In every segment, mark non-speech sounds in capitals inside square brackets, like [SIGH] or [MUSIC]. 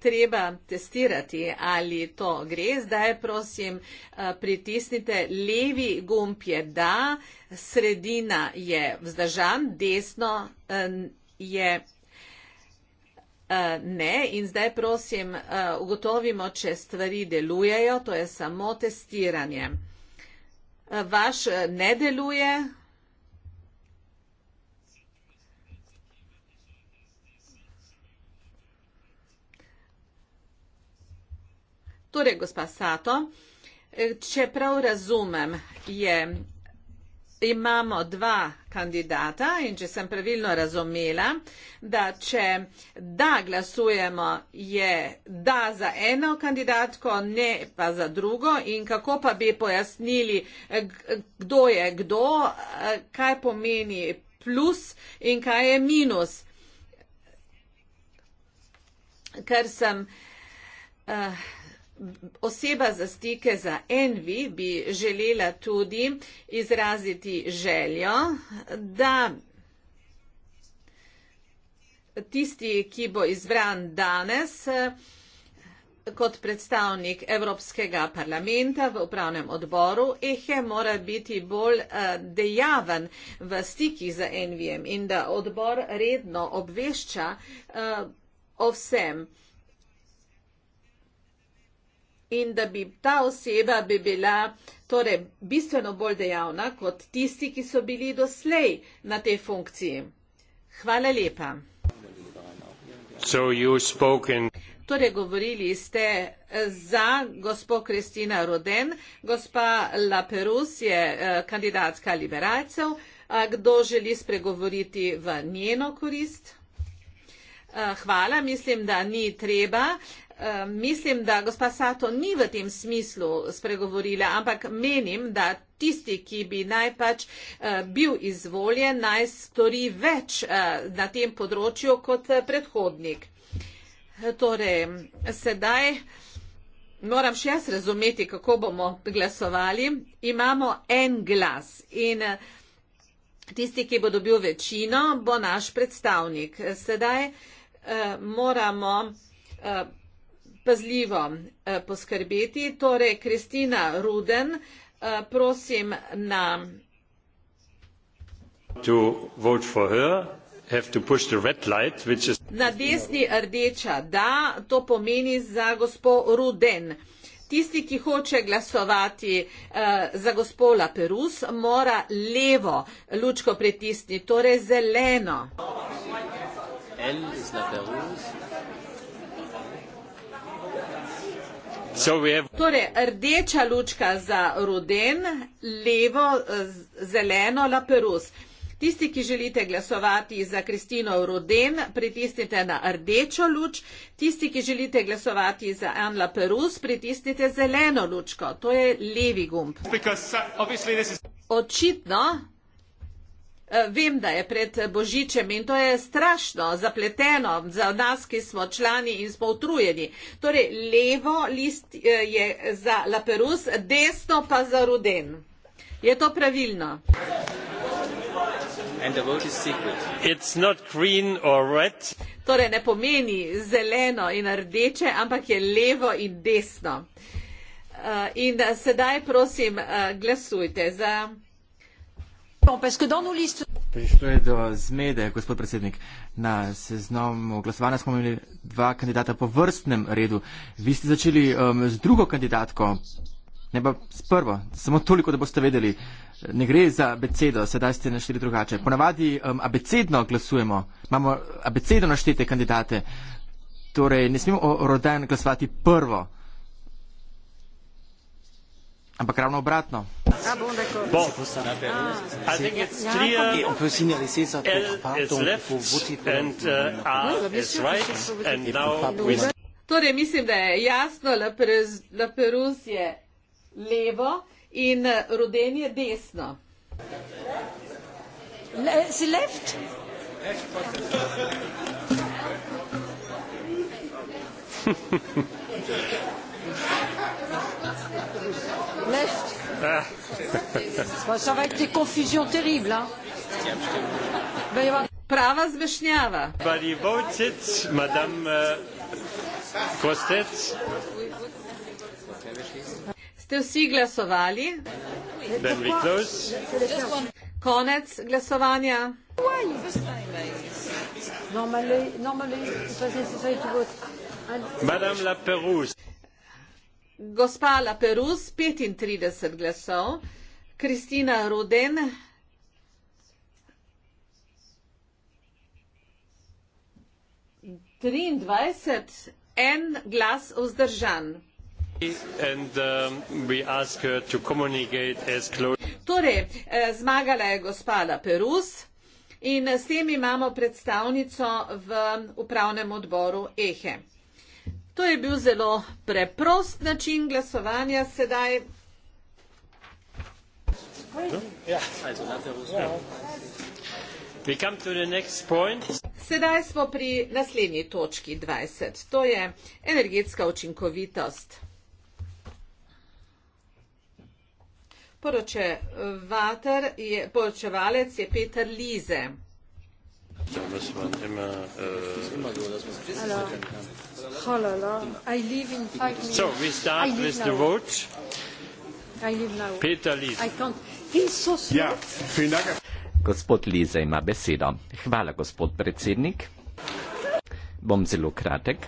treba testirati, ali to gre. Zdaj, prosim, eh, pritisnite levi gumb je da, sredina je vzdržan, desno eh, je eh, ne. In zdaj, prosim, ugotovimo, če stvari delujejo. To je samo testiranje. Vaš ne deluje. Torej, gospa Sato, eh, če prav razumem, je, imamo dva kandidata in če sem pravilno razumela, da če da glasujemo, je da za eno kandidatko, ne pa za drugo in kako pa bi pojasnili, eh, kdo je kdo, eh, kaj pomeni plus in kaj je minus. Ker sem uh, oseba za stike za Envi bi želela tudi izraziti željo, da tisti, ki bo izbran danes kot predstavnik Evropskega parlamenta v upravnem odboru, EHE mora biti bolj eh, dejaven v stikih za Envijem in da odbor redno obvešča eh, o vsem in da bi ta oseba bi bila torej, bistveno bolj dejavna kot tisti, ki so bili doslej na tej funkciji. Hvala lepa. Torej, govorili ste za gospod Kristina Roden, gospa Laperus je eh, kandidatka liberalcev. Kdo želi spregovoriti v njeno korist? Eh, hvala, mislim, da ni treba mislim, da gospa Sato ni v tem smislu spregovorila, ampak menim, da tisti, ki bi najpač eh, bil izvoljen, naj stori več eh, na tem področju kot eh, predhodnik. Torej, sedaj moram še jaz razumeti, kako bomo glasovali. Imamo en glas in tisti, ki bo dobil večino, bo naš predstavnik. Sedaj eh, moramo. Eh, pazljivo eh, poskrbeti. Torej, Kristina Ruden, eh, prosim na. Na desni rdeča, da, to pomeni za gospo Ruden. Tisti, ki hoče glasovati eh, za gospo Laperus, mora levo lučko pritisniti, torej zeleno. L is Laperus. Torej, rdeča lučka za roden, levo zeleno laperus. Tisti, ki želite glasovati za Kristino Roden, pritisnite na rdečo luč. Tisti, ki želite glasovati za Ann Laperus, pritisnite zeleno lučko. To je levi gumb. Uh, Očitno, Eh, vem, da je pred Božičem in to je strašno zapleteno za nas, ki smo člani in smo utrujeni. Torej, levo list eh, je za Laperus, desno pa za Ruden. Je to pravilno? It's not green or red. Torej, ne pomeni zeleno in rdeče, ampak je levo in desno. Uh, in sedaj prosim, uh, glasujte za. Prišlo je do zmede, gospod predsednik. Na seznamu glasovanja smo imeli dva kandidata po vrstnem redu. Vi ste začeli um, z drugo kandidatko, ne pa s prvo. Samo toliko, da boste vedeli. Ne gre za abecedo, sedaj ste našteli drugače. Ponavadi um, abecedno glasujemo, imamo abecedno naštete kandidate. Torej, ne smemo o rodajnem glasovati prvo. Ampak ravno obratno. Bo. Mislim, da je jasno, da je desno in levo in zdaj. Torej, mislim, da je jasno, da je Rusija levo in uh, roden je desno. Si left? left [LAUGHS] left. Ah. ça va être des confusions terribles. Hein. Prava zvešnjava. Bari Vojcic, madame uh, eh, Kostec. Ste vsi glasovali? Ben Miklos. Konec glasovanja. Normalno je, da se vse to vodi. Madame Laperouse. Gospa La Perus, 35 glasov. Kristina Ruden. Triindvajset, en glas vzdržan. And, um, torej, eh, zmagala je gospoda Perus in s tem imamo predstavnico v upravnem odboru EHE. To je bil zelo preprost način glasovanja sedaj. Sedaj smo pri naslednji točki 20. To je energetska učinkovitost. Poročevalec je Peter Lize. Ja, da muss man immer. Äh Hallo. Hallo. I live in five minutes. So, we start with the vote. I live now. Peter Lise. I can't. He's so ja, smart. Ja, vielen Dank. Gospod Lise ima besedo. Hvala, gospod predsednik. Bom zelo kratek.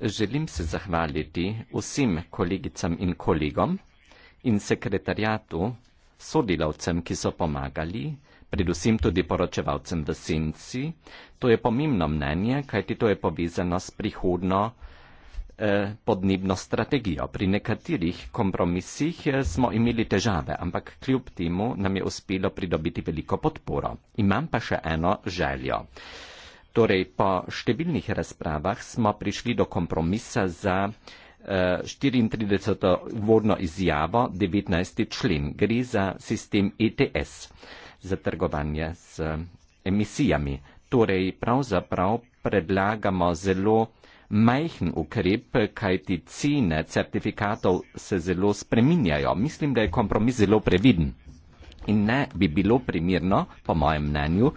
Želim se zahvaliti vsem kolegicam in kolegom in sekretarjatu, sodelavcem, ki so pomagali predvsem tudi poročevalcem v senci. To je pomembno mnenje, kajti to je povezano s prihodno eh, podnebno strategijo. Pri nekaterih kompromisih eh, smo imeli težave, ampak kljub temu nam je uspelo pridobiti veliko podporo. Imam pa še eno željo. Torej, po številnih razpravah smo prišli do kompromisa za eh, 34. vodno izjavo 19. člen. Gre za sistem ETS. Eh, za trgovanje z eh, emisijami. Torej, pravzaprav predlagamo zelo majhen ukrep, kajti cene certifikatov se zelo spreminjajo. Mislim, da je kompromis zelo previden. In ne bi bilo primirno, po mojem mnenju,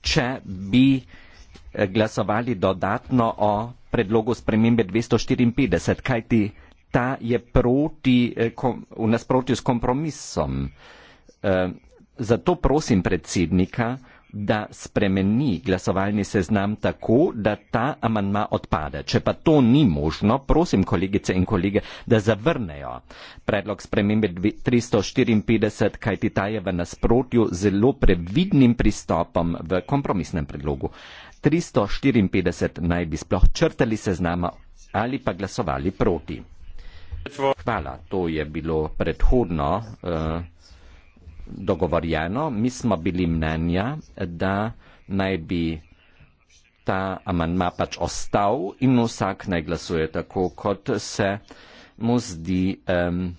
če bi eh, glasovali dodatno o predlogu spremembe 254, kajti ta je proti, eh, v nasprotju s kompromisom. Zato prosim predsednika, da spremeni glasovalni seznam tako, da ta amantma odpade. Če pa to ni možno, prosim kolegice in kolege, da zavrnejo predlog spremembe 354, kajti ta je v nasprotju zelo previdnim pristopom v kompromisnem predlogu. 354 naj bi sploh črtali seznama ali pa glasovali proti. Hvala, to je bilo predhodno. Uh, dogovorjeno, mi smo bili mnenja, da naj bi ta amandma pač ostal in vsak naj glasuje tako, kot se mu zdi, um,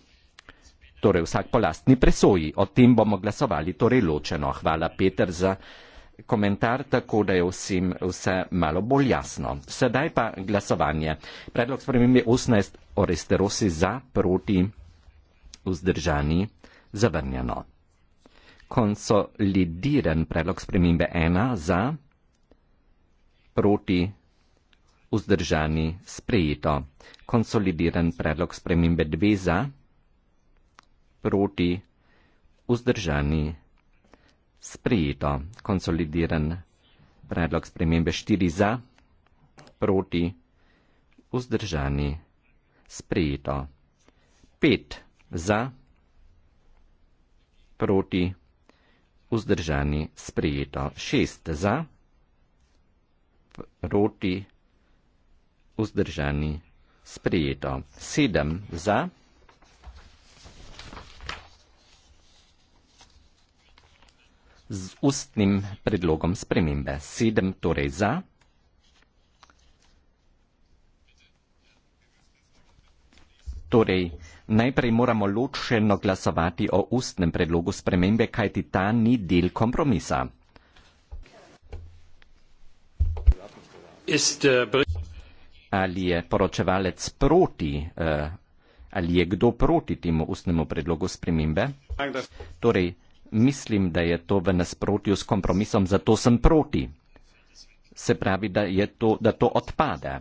torej vsak po lastni presoji. O tem bomo glasovali torej ločeno. Hvala, Peter, za komentar, tako da je vsem vse malo bolj jasno. Sedaj pa glasovanje. Predlog spremembe 18 o resterosi za, proti, vzdržani, zavrnjeno konsolidiran predlog spremembe ena za, proti, vzdržani, sprejeto. Konsolidiran predlog spremembe dve za, proti, vzdržani, sprejeto. Konsolidiran predlog spremembe štiri za, proti, vzdržani, sprejeto. Pet za, proti, vzdržani vzdržani, sprejeto šest za, proti, vzdržani, sprejeto sedem za, z ustnim predlogom spremembe sedem torej za, torej sedem, Najprej moramo ločeno glasovati o ustnem predlogu spremembe, kajti ta ni del kompromisa. Äh, ali je poročevalec proti, äh, ali je kdo proti temu ustnemu predlogu spremembe? Torej, mislim, da je to v nasprotju s kompromisom, zato sem proti. Se pravi, da, to, da to odpade.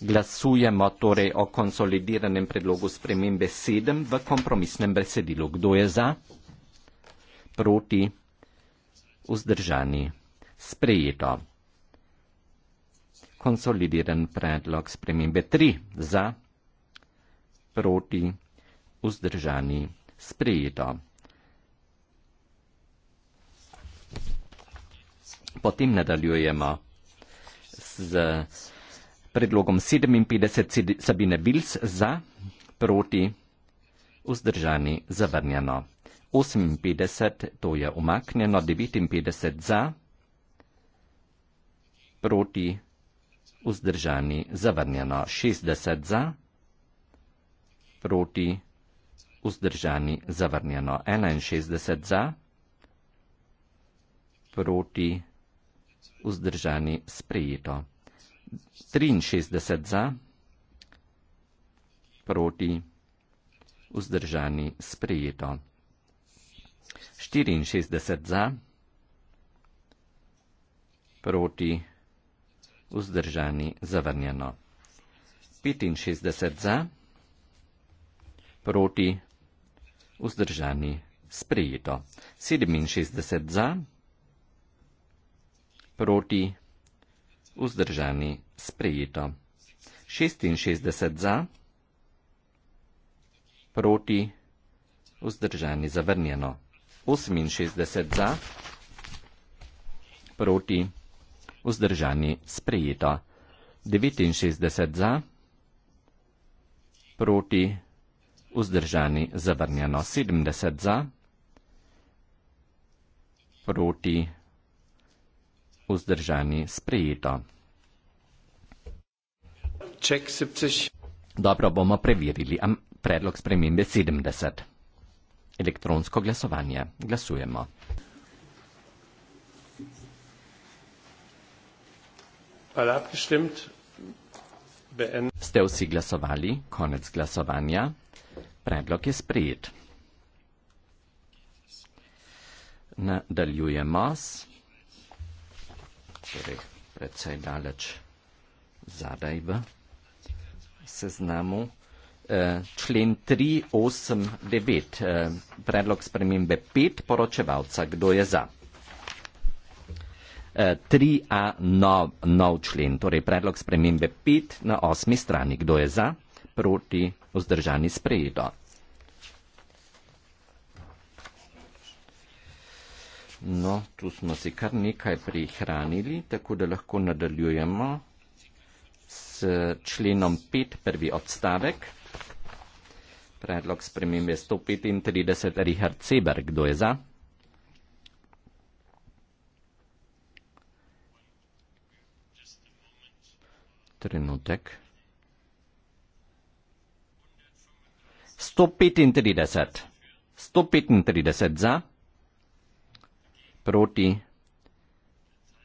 Glasujemo torej o konsolidiranem predlogu spremembe 7 v kompromisnem besedilu. Kdo je za? Proti? Vzdržani? Sprejeto. Konsolidiran predlog spremembe 3 za? Proti? Vzdržani? Sprejeto. Potem nadaljujemo z predlogom 57 Sabine Bils za, proti, vzdržani, zavrnjeno. 58 to je umaknjeno, 59 za, proti, vzdržani, zavrnjeno. 60 za, proti, vzdržani, zavrnjeno. 61 za, proti, vzdržani, sprejeto. 63 za, proti, vzdržani, sprejeto. 64 za, proti, vzdržani, zavrnjeno. 65 za, proti, vzdržani, sprejeto. 67 za, proti, vzdržani, sprejeto vzdržani, sprejeto. 66 za, proti, vzdržani, zavrnjeno. 68 za, proti, vzdržani, sprejeto. 69 za, proti, vzdržani, zavrnjeno. 70 za, proti, vzdržani, sprejeto vzdržani sprejeto. Ček, Dobro bomo preverili. Am, predlog spremembe 70. Elektronsko glasovanje. Glasujemo. Ste vsi glasovali? Konec glasovanja. Predlog je sprejet. Nadaljujemo s torej predvsej daleč zadaj v seznamu. Eh, člen 3, 8, 9. Predlog spremembe 5 poročevalca. Kdo je za? 3a eh, nov, nov člen, torej predlog spremembe 5 na 8 strani. Kdo je za? Proti vzdržani sprejeto. No, tu smo si kar nekaj prihranili, tako da lahko nadaljujemo s členom 5, prvi odstavek. Predlog spremembe 135, Richard Seber, kdo je za? Trenutek. 135. 135 za proti,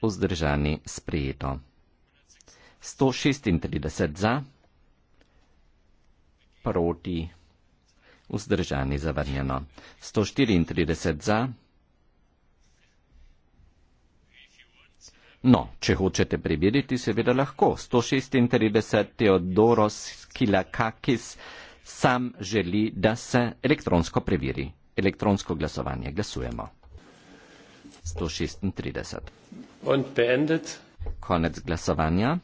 vzdržani sprejeto. 136 za, proti, vzdržani zavrnjeno. 134 za. No, če hočete preveriti, seveda lahko. 136 Teodoros Kilakakis sam želi, da se elektronsko preveri. Elektronsko glasovanje. Glasujemo. 136. Konec glasovanja.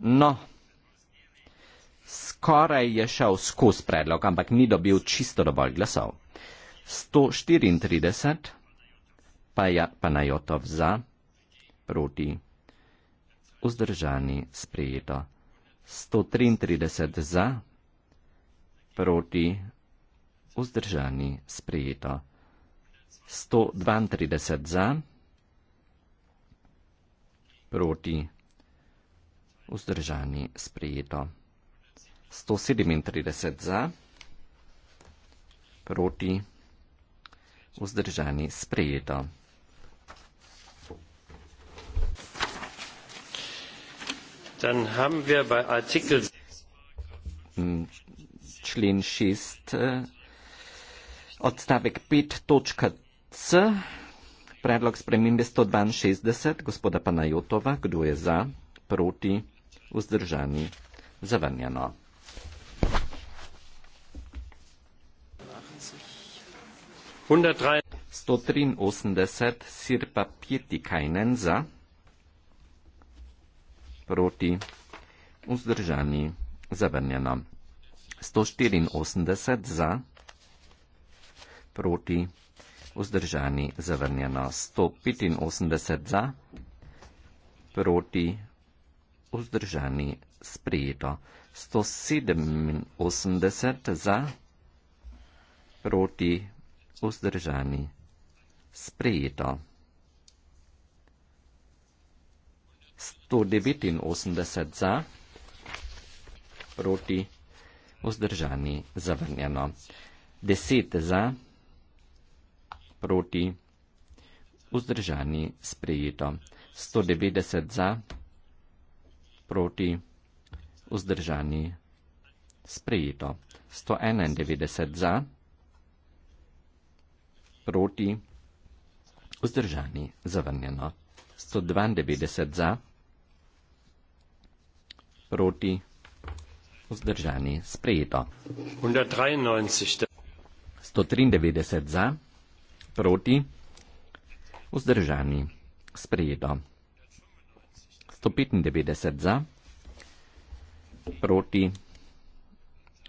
No, skoraj je šel skozi predlog, ampak ni dobil čisto dovolj glasov. 134 pa je pa najotov za, proti, vzdržani, sprejeto. 133 za, proti, vzdržani, sprejeto. 132 za, proti, vzdržani, sprejeto. 137 za, proti, vzdržani, sprejeto. Dann haben wir bei Artikel 6. Mm, člen 6 odstavek 5.c, predlog spremembe 162, gospoda Panajotova, kdo je za, proti, vzdržani, zavrnjeno. Sto triinosemdeset sirpa pietikajnen za proti vzdržani zavrnjeno. Sto štiriinosemdeset za proti, vzdržani, zavrnjeno 185 za, proti, vzdržani, sprejeto 187 za, proti, vzdržani, sprejeto 189 za, proti, vzdržani, zavrnjeno 10 za, proti, vzdržani, zavrnjeno proti, vzdržani sprejeto. 190 za, proti, vzdržani sprejeto. 191 za, proti, vzdržani zavrnjeno. 192 za, proti, vzdržani sprejeto. 193 za, proti, vzdržani, sprejeto. 195 za, proti,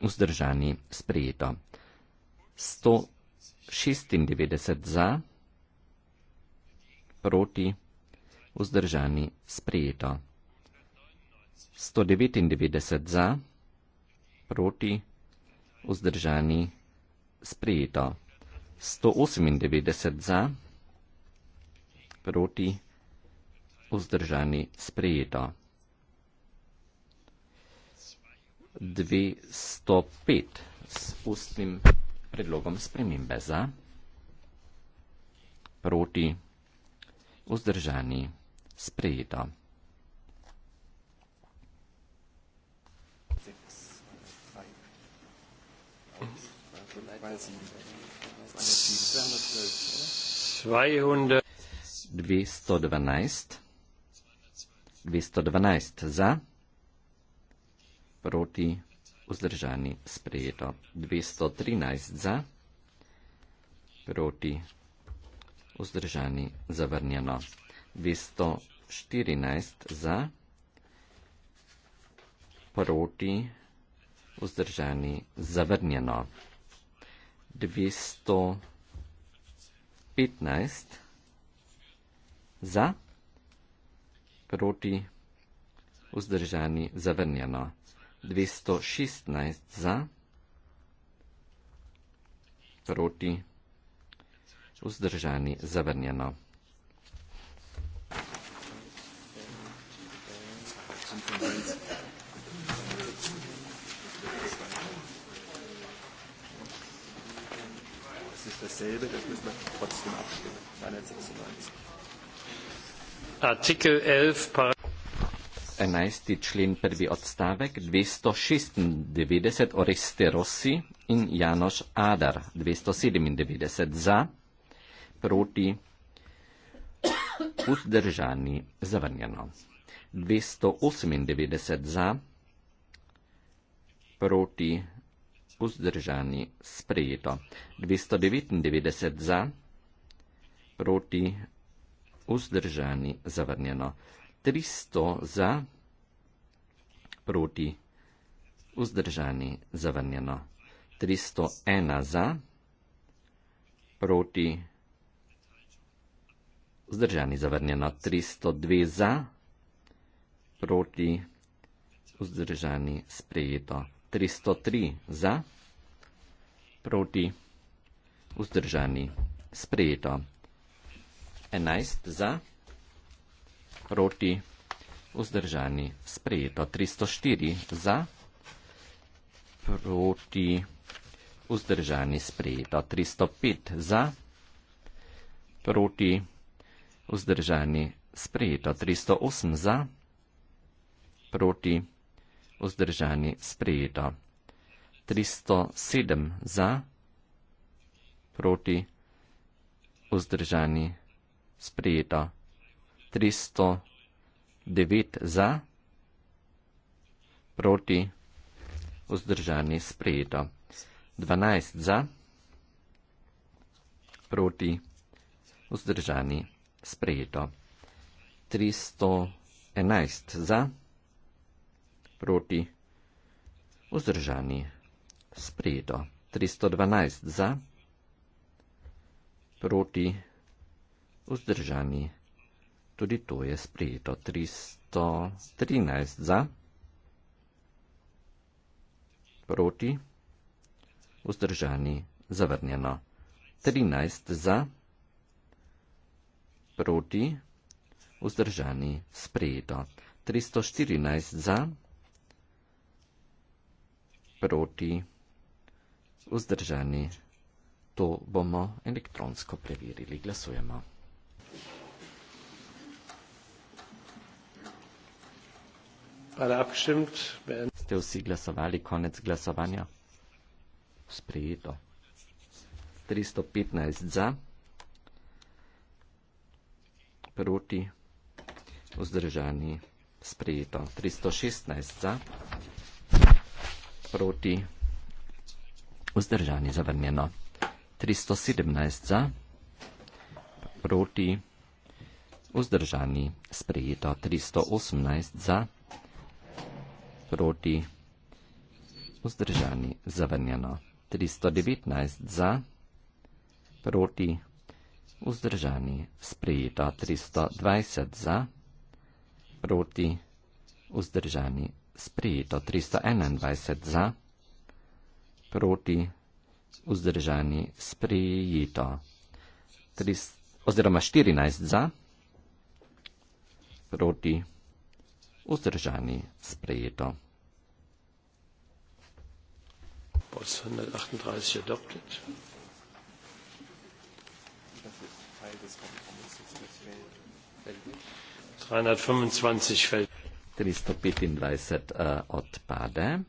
vzdržani, sprejeto. 196 za, proti, vzdržani, sprejeto. 199 za, proti, vzdržani, sprejeto. 198 za, proti, vzdržani, sprejeto. 205 s ustnim predlogom spremembe za, proti, vzdržani, sprejeto. 206. 212. 212 za, proti vzdržani sprejeto. 213 za, proti vzdržani zavrnjeno. 214 za, proti vzdržani zavrnjeno. 215 za, proti, vzdržani, zavrnjeno. 216 za, proti, vzdržani, zavrnjeno. Thank you. nicht dasselbe, das müssen wir trotzdem abstimmen. 296. Artikel 11, Par Enajsti člen prvi odstavek 296 Oreste Rossi in Janoš Adar 297 za, proti vzdržani zavrnjeno. 298 za, proti vzdržani, sprejeto. 299 za, proti, vzdržani, zavrnjeno. 300 za, proti, vzdržani, zavrnjeno. 301 za, proti, vzdržani, zavrnjeno. 302 za, proti, vzdržani, sprejeto. 301 za, proti, vzdržani, sprejeto. 303 za, proti vzdržani sprejeto. 11 za, proti vzdržani sprejeto. 304 za, proti vzdržani sprejeto. 305 za, proti vzdržani sprejeto. 308 za, proti vzdržani sprejeto vzdržani sprejeto. 307 za, proti vzdržani sprejeto. 309 za, proti vzdržani sprejeto. 12 za, proti vzdržani sprejeto. 311 za, proti vzdržani sprejeto proti, vzdržani, sprejeto. 312 za, proti, vzdržani, tudi to je sprejeto. 313 za, proti, vzdržani, zavrnjeno. 13 za, proti, vzdržani, sprejeto. 314 za, proti, vzdržani, sprejeto proti, vzdržani. To bomo elektronsko preverili. Glasujemo. Ste vsi glasovali konec glasovanja? Sprejeto. 315 za, proti, vzdržani, sprejeto. 316 za proti. Vzdržani zavrnjeno. 317 za. Proti. Vzdržani sprejeto. 318 za. Proti. Vzdržani zavrnjeno. 319 za. Proti. Vzdržani sprejeto. 320 za. Proti. Vzdržani sprejeto 321 za, proti vzdržani sprejeto 300, oziroma 14 za, proti vzdržani sprejeto. Teil des Kompromisses, das fällt. 325 fällt. 325 uh, eh, odpade,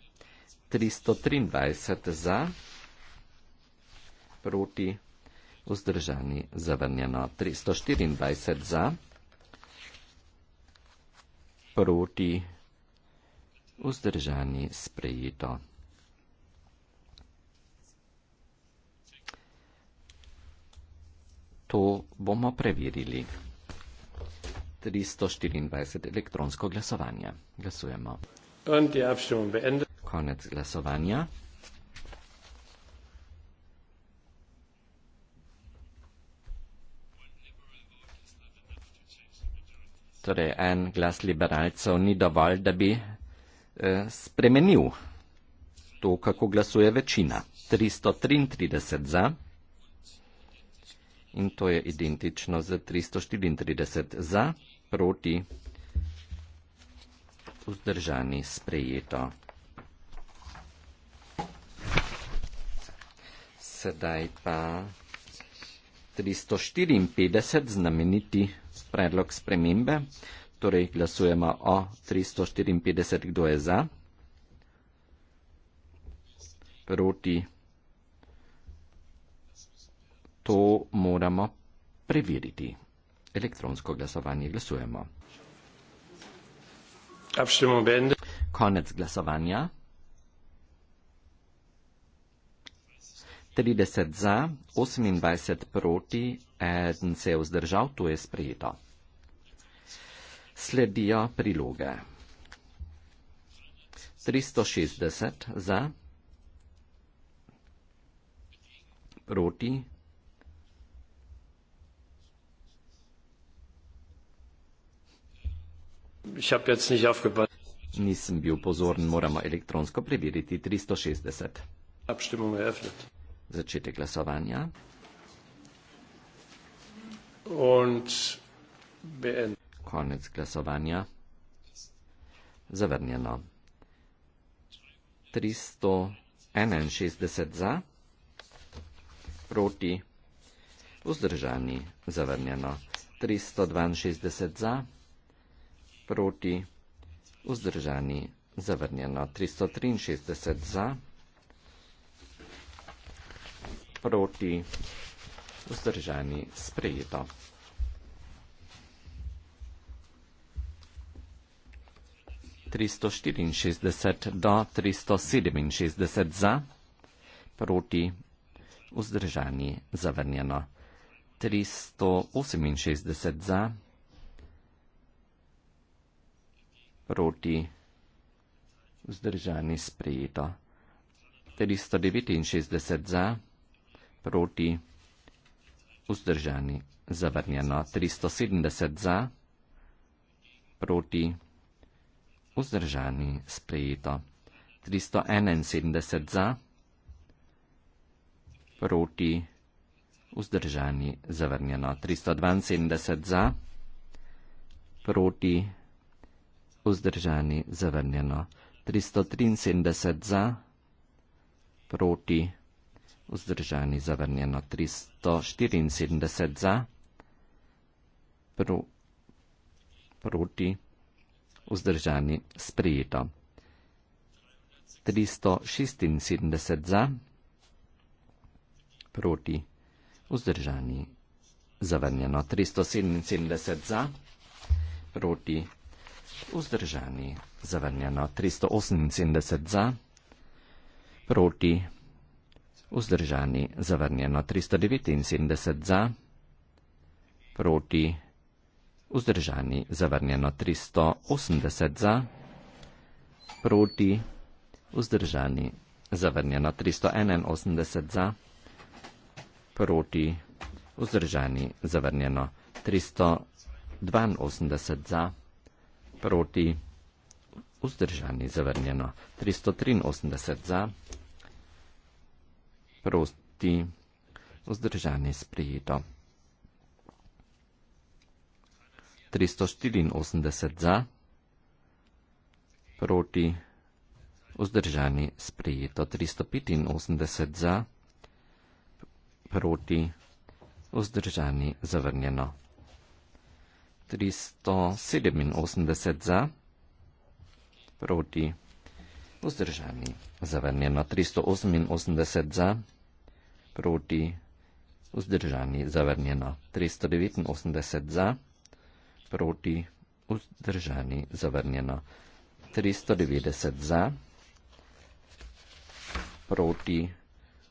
323 za, proti, vzdržani, zavrnjeno, 324 za, proti, vzdržani, sprejeto. To bomo preverili. 324 elektronsko glasovanje. Glasujemo. Konec glasovanja. Torej, en glas liberalcev ni dovolj, da bi eh, spremenil to, kako glasuje večina. 333 za in to je identično z 334 za proti, vzdržani sprejeto. Sedaj pa 354 znameniti predlog spremembe. Torej glasujemo o 354, kdo je za, proti. To moramo preveriti elektronsko glasovanje glasujemo. Konec glasovanja. 30 za, 28 proti, en se je vzdržal, to je sprejeto. Sledijo priloge. 360 za, proti, Nisem bil pozoren, moramo elektronsko preveriti 360. Začetek glasovanja. Konec glasovanja. Zavrnjeno. 361 za, proti, vzdržani, zavrnjeno. 362 za proti, vzdržani, zavrnjeno 363 za, proti, vzdržani, sprejeto. tristo štiriinšestdeset do tristo sedeminšestdeset za, proti, vzdržani, zavrnjeno, tristo oseminšestdeset za, proti, vzdržani, zavrnjeno, proti vzdržani sprejeto. 369 za proti vzdržani zavrnjeno. 370 za proti vzdržani sprejeto. 371 za proti vzdržani zavrnjeno. 372 za proti vzdržani zavrnjeno vzdržani, zavrnjeno. 373 za, proti, vzdržani, zavrnjeno. 374 za, pro, proti, vzdržani, sprejeto. 376 za, proti, vzdržani, zavrnjeno. 377 za, proti, vzdržani. Vzdržani, zavrnjeno 378 za, proti, vzdržani, zavrnjeno 379 za, proti, vzdržani, zavrnjeno 380 za, proti, vzdržani, zavrnjeno 381 za, proti, vzdržani, zavrnjeno 382 za proti, vzdržani, zavrnjeno, 383 za, proti, vzdržani, sprijeto. 384 za, proti, vzdržani, sprijeto. 385 za, proti, vzdržani, zavrnjeno. 387 za, proti vzdržani. Zavrnjeno 388 za, proti vzdržani. Zavrnjeno 389 za, proti vzdržani. Zavrnjeno 390 za, proti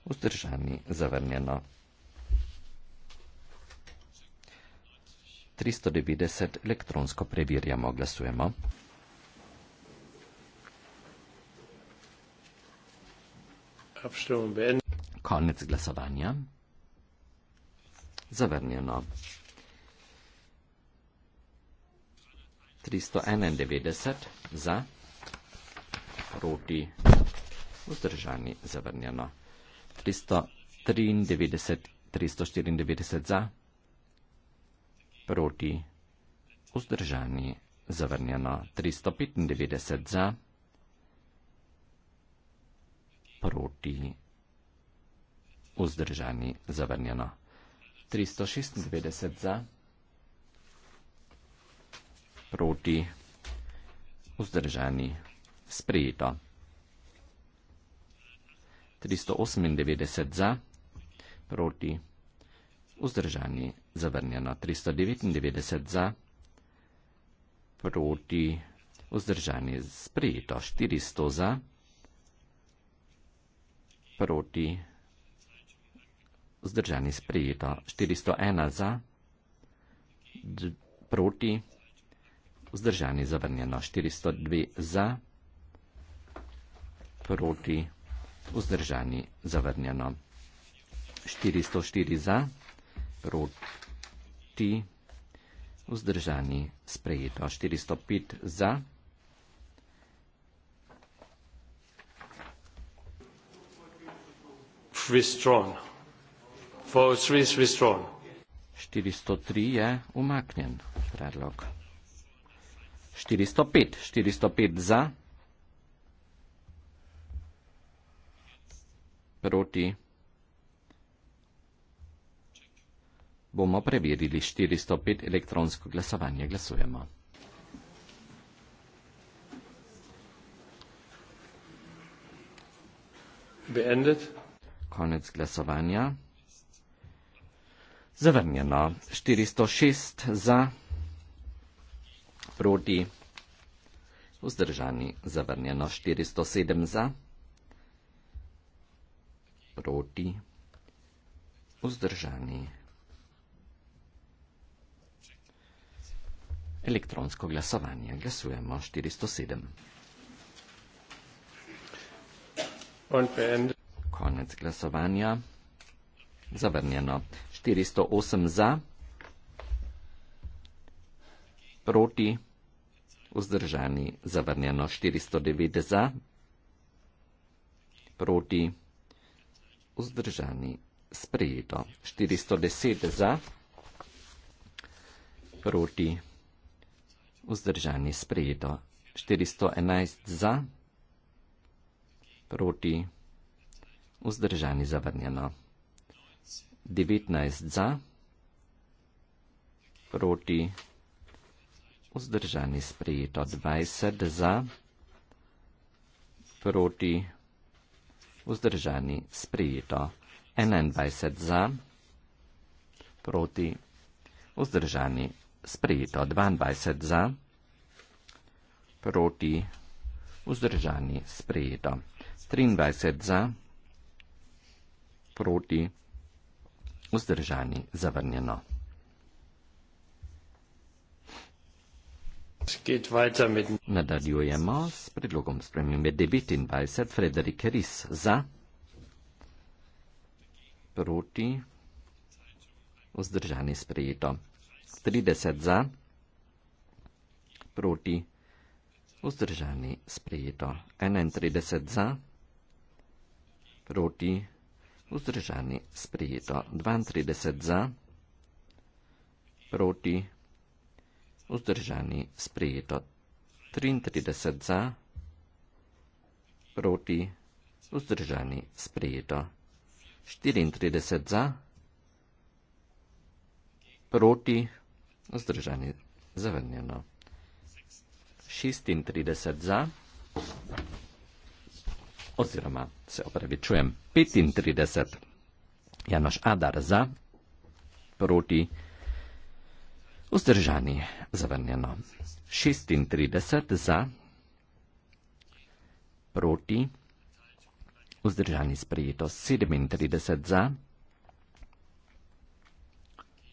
vzdržani. Zavrnjeno 390 za. 390 elektronsko preverjamo, glasujemo. Konec glasovanja. Zavrnjeno. 391 za, proti, vzdržani, zavrnjeno. 393, 394 za proti, vzdržani, zavrnjeno 395 za, proti, vzdržani, zavrnjeno 396 za, proti, vzdržani, sprejeto 398 za, proti, vzdržani, zavrnjeno 399 za, proti vzdržani sprejeto 400 za, proti vzdržani sprejeto 401 za, proti vzdržani zavrnjeno 402 za, proti vzdržani zavrnjeno 404 za, proti vzdržani zavrnjeno 404 za, proti, vzdržani, sprejeto 405 za. Withdrawn. For Swiss withdrawn. 403 je umaknjen predlog. 405, 405 za. Proti. bomo preverili 405 elektronsko glasovanje. Glasujemo. Beendet. Konec glasovanja. Zavrnjeno. 406 za, proti, vzdržani. Zavrnjeno. 407 za, proti, vzdržani. elektronsko glasovanje. Glasujemo 407. Konec glasovanja. Zavrnjeno. 408 za, proti, vzdržani, zavrnjeno. 409 za, proti, vzdržani, sprejeto. 410 za, proti, vzdržani vzdržani sprejeto. 411 za, proti, vzdržani zavrnjeno. 19 za, proti, vzdržani sprejeto. 20 za, proti, vzdržani sprejeto. 21 za, proti, vzdržani sprejeto sprejeto 22 za, proti vzdržani sprejeto 23 za, proti vzdržani zavrnjeno. Nadaljujemo s predlogom spremembe 29. Frederik Ris za, proti vzdržani sprejeto 30 za, proti, vzdržani, sprejeto. 31 za, proti, vzdržani, sprejeto. 32 za, proti, vzdržani, sprejeto. 33 za, proti, vzdržani, sprejeto. 34 za, proti, vzdržani, sprejeto vzdržani zavrnjeno. 36 za, oziroma se opravičujem, 35 Janoš Adar za, proti vzdržani zavrnjeno. 36 za, proti vzdržani sprejeto. 37 za,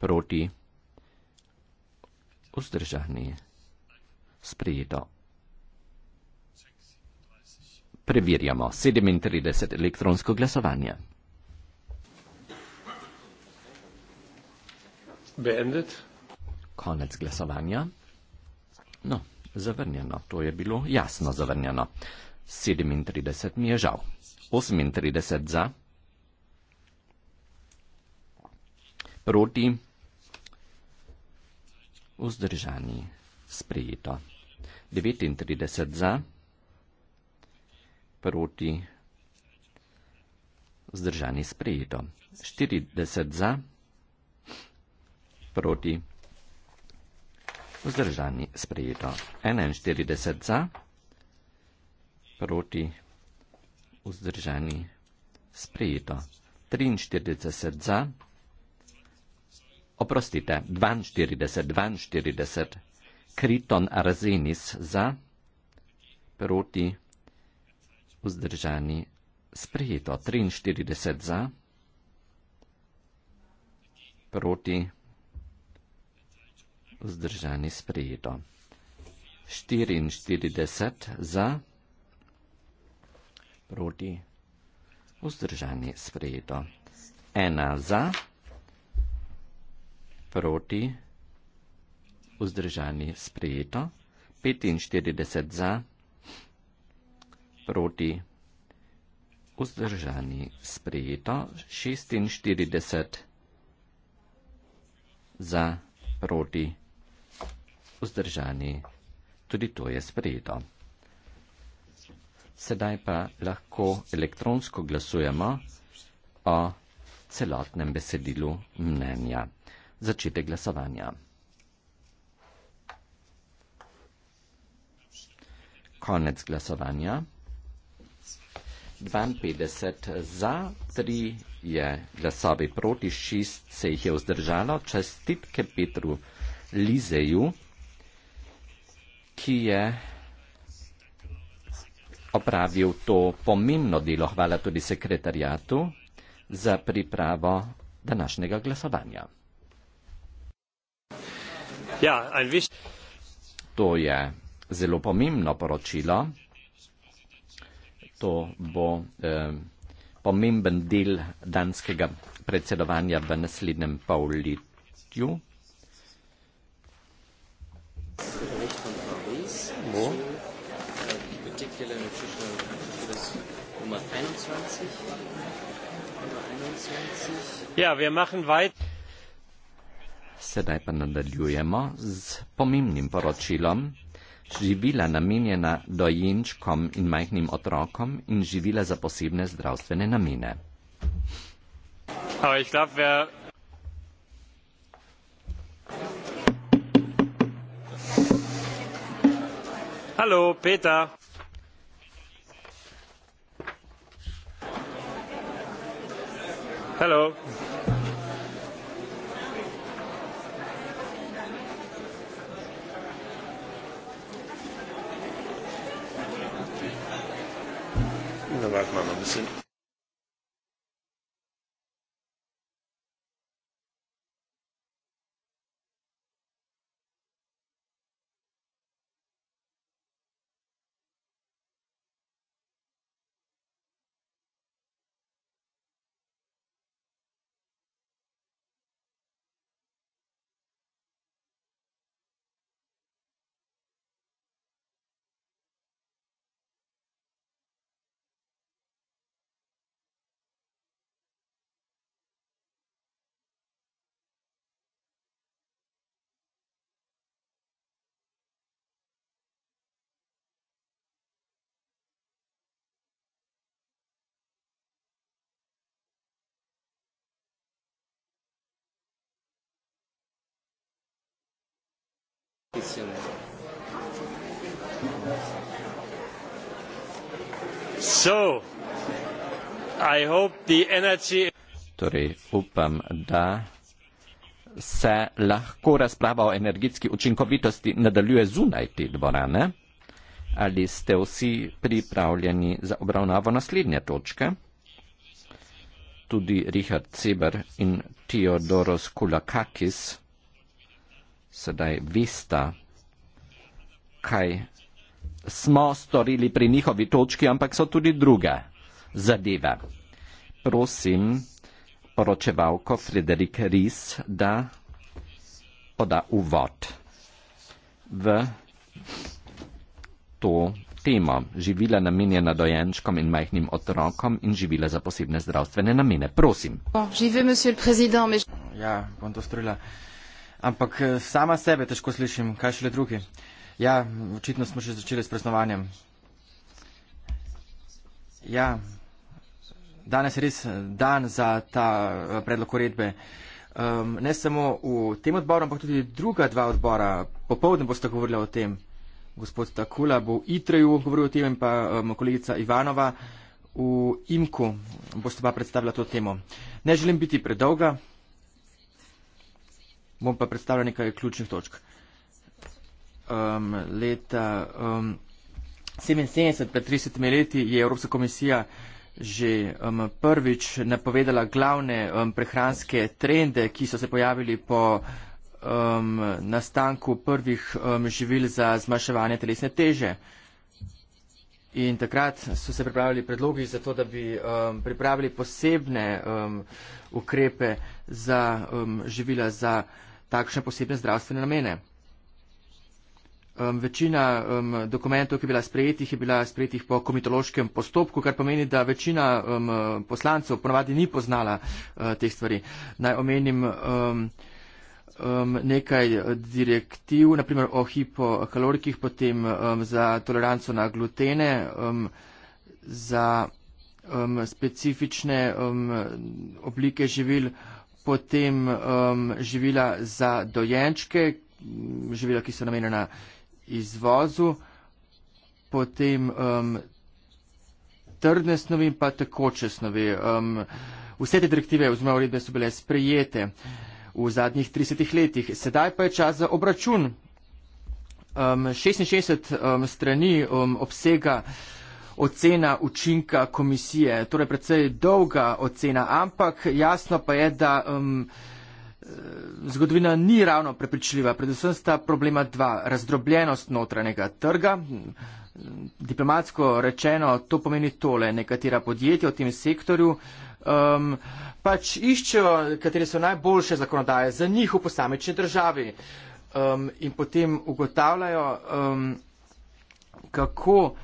proti vzdržani sprejeto vzdržani. Sprijeto. Preverjamo 37 elektronsko glasovanje. Beendet. Konec glasovanja. No, zavrnjeno, to je bilo jasno zavrnjeno. 37 mi je žal. 38 za. Proti vzdržani, sprejeto. 39 za, proti, vzdržani, sprejeto. 40 za, proti, vzdržani, sprejeto. 41 za, proti, vzdržani, sprejeto. 43 za, proti, vzdržani, sprejeto. Oprostite, 42, 42. Kriton Arzenis za, proti, vzdržani, sprejeto. 43 za, proti, vzdržani, sprejeto. 44 za, proti, vzdržani, sprejeto. 1 za, proti, vzdržani, sprejeto proti, vzdržani sprejeto, 45 za, proti, vzdržani sprejeto, 46 za, proti, vzdržani, tudi to je sprejeto. Sedaj pa lahko elektronsko glasujemo o celotnem besedilu mnenja začetek glasovanja. Konec glasovanja. 52 za, 3 je glasovi proti, 6 se jih je vzdržalo. Čestitke Petru Lizeju, ki je opravil to pomembno delo, hvala tudi sekretarjatu za pripravo današnjega glasovanja. Ja, to je zelo pomembno poročilo. To bo eh, pomemben del danskega predsedovanja v naslednjem polletju. Ja, wir machen weiter. Sedaj pa nadaljujemo z pomembnim poročilom. Živila namenjena dojenčkom in majhnim otrokom in živila za posebne zdravstvene namene. Hallo, Peter. Hallo. Wagner noch ein bisschen Sì. So, I hope the energy... Torej, upam, da se lahko razprava o energetski učinkovitosti nadaljuje zunaj te dvorane. Ali ste vsi pripravljeni za obravnavo naslednje točke? Tudi Richard Ceber in Theodoros Kulakakis sedaj vista, kaj smo storili pri njihovi točki, ampak so tudi druge zadeve. Prosim poročevalko Frederik Ries, da poda uvod v to temo. Živila namenjena dojenčkom in majhnim otrokom in živila za posebne zdravstvene namene. Prosim. Bon, živim, monsieur le président. Mais... Ja, bom to storila. Ampak eh, sama sebe težko slišim, kaj šele drugi. Ja, očitno smo še začeli s praznovanjem. Ja, danes je res eh, dan za ta eh, predlog uredbe. Um, ne samo v tem odboru, ampak tudi druga dva odbora. Popovdne boste govorili o tem. Gospod Takula bo v Itreju govoril o tem in pa um, kolegica Ivanova v Imku boste pa predstavila to temo. Ne želim biti predolga. Bom pa predstavila nekaj ključnih točk. Um, leta 1977, um, pred 30 leti, je Evropska komisija že um, prvič napovedala glavne um, prehranske trende, ki so se pojavili po um, nastanku prvih um, živil za zmanjševanje telesne teže. In takrat so se pripravili predlogi za to, da bi um, pripravili posebne um, ukrepe za um, živila za takšne posebne zdravstvene namene. Um, večina um, dokumentov, ki je bila sprejetih, je bila sprejetih po komitološkem postopku, kar pomeni, da večina um, poslancev ponavadi ni poznala uh, teh stvari. Naj omenim um, um, nekaj direktiv, naprimer o hipokalorikih, potem um, za toleranco na glutene, um, za um, specifične um, oblike živil potem um, živila za dojenčke, živila, ki so namenjena izvozu, potem um, trdne snovi in pa tekoče snovi. Um, vse te direktive oziroma uredbe so bile sprejete v zadnjih 30 letih. Sedaj pa je čas za obračun. Um, 66 um, strani um, obsega ocena učinka komisije. Torej, predvsej dolga ocena, ampak jasno pa je, da. Um, eh, Zgodovina ni ravno prepričljiva, predvsem sta problema dva. Razdrobljenost notranjega trga, diplomatsko rečeno, to pomeni tole, nekatera podjetja v tem sektorju um, pač iščejo, katere so najboljše zakonodaje za njih v posamečni državi um, in potem ugotavljajo, um, kako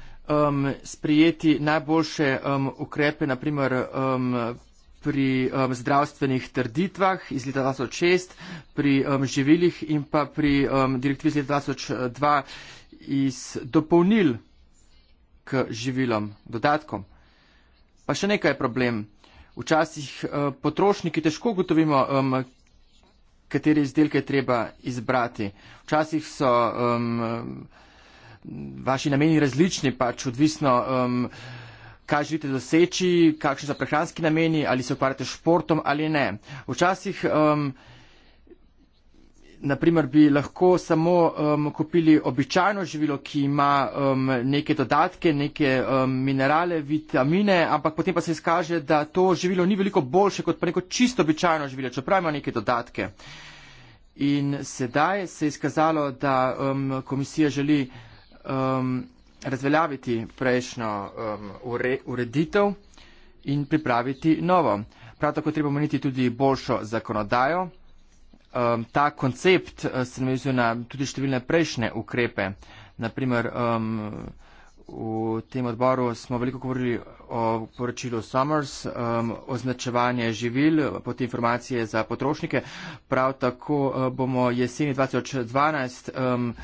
um, sprijeti najboljše um, ukrepe, naprimer um, pri um, zdravstvenih trditvah iz leta 2006, pri um, živilih in pa pri um, direktivi iz leta 2002 iz dopolnil k živilom, dodatkom. Pa še nekaj je problem. Včasih uh, potrošniki težko gotovimo, um, katere izdelke treba izbrati. Včasih so. Um, vaši nameni različni, pač odvisno, um, kaj želite doseči, kakšni so prehranski nameni, ali se ukvarjate s športom ali ne. Včasih, um, naprimer, bi lahko samo um, kupili običajno živilo, ki ima um, neke dodatke, neke um, minerale, vitamine, ampak potem pa se izkaže, da to živilo ni veliko boljše kot pa neko čisto običajno živilo, čeprav ima neke dodatke. In sedaj se je izkazalo, da um, komisija želi um, razveljaviti prejšnjo um, ure, ureditev in pripraviti novo. Prav tako treba omeniti tudi boljšo zakonodajo. Um, ta koncept uh, se navezuje na tudi številne prejšnje ukrepe. Naprimer, um, v tem odboru smo veliko govorili o poročilu Summers, um, označevanje živil, potem informacije za potrošnike. Prav tako uh, bomo jeseni 2012. Um,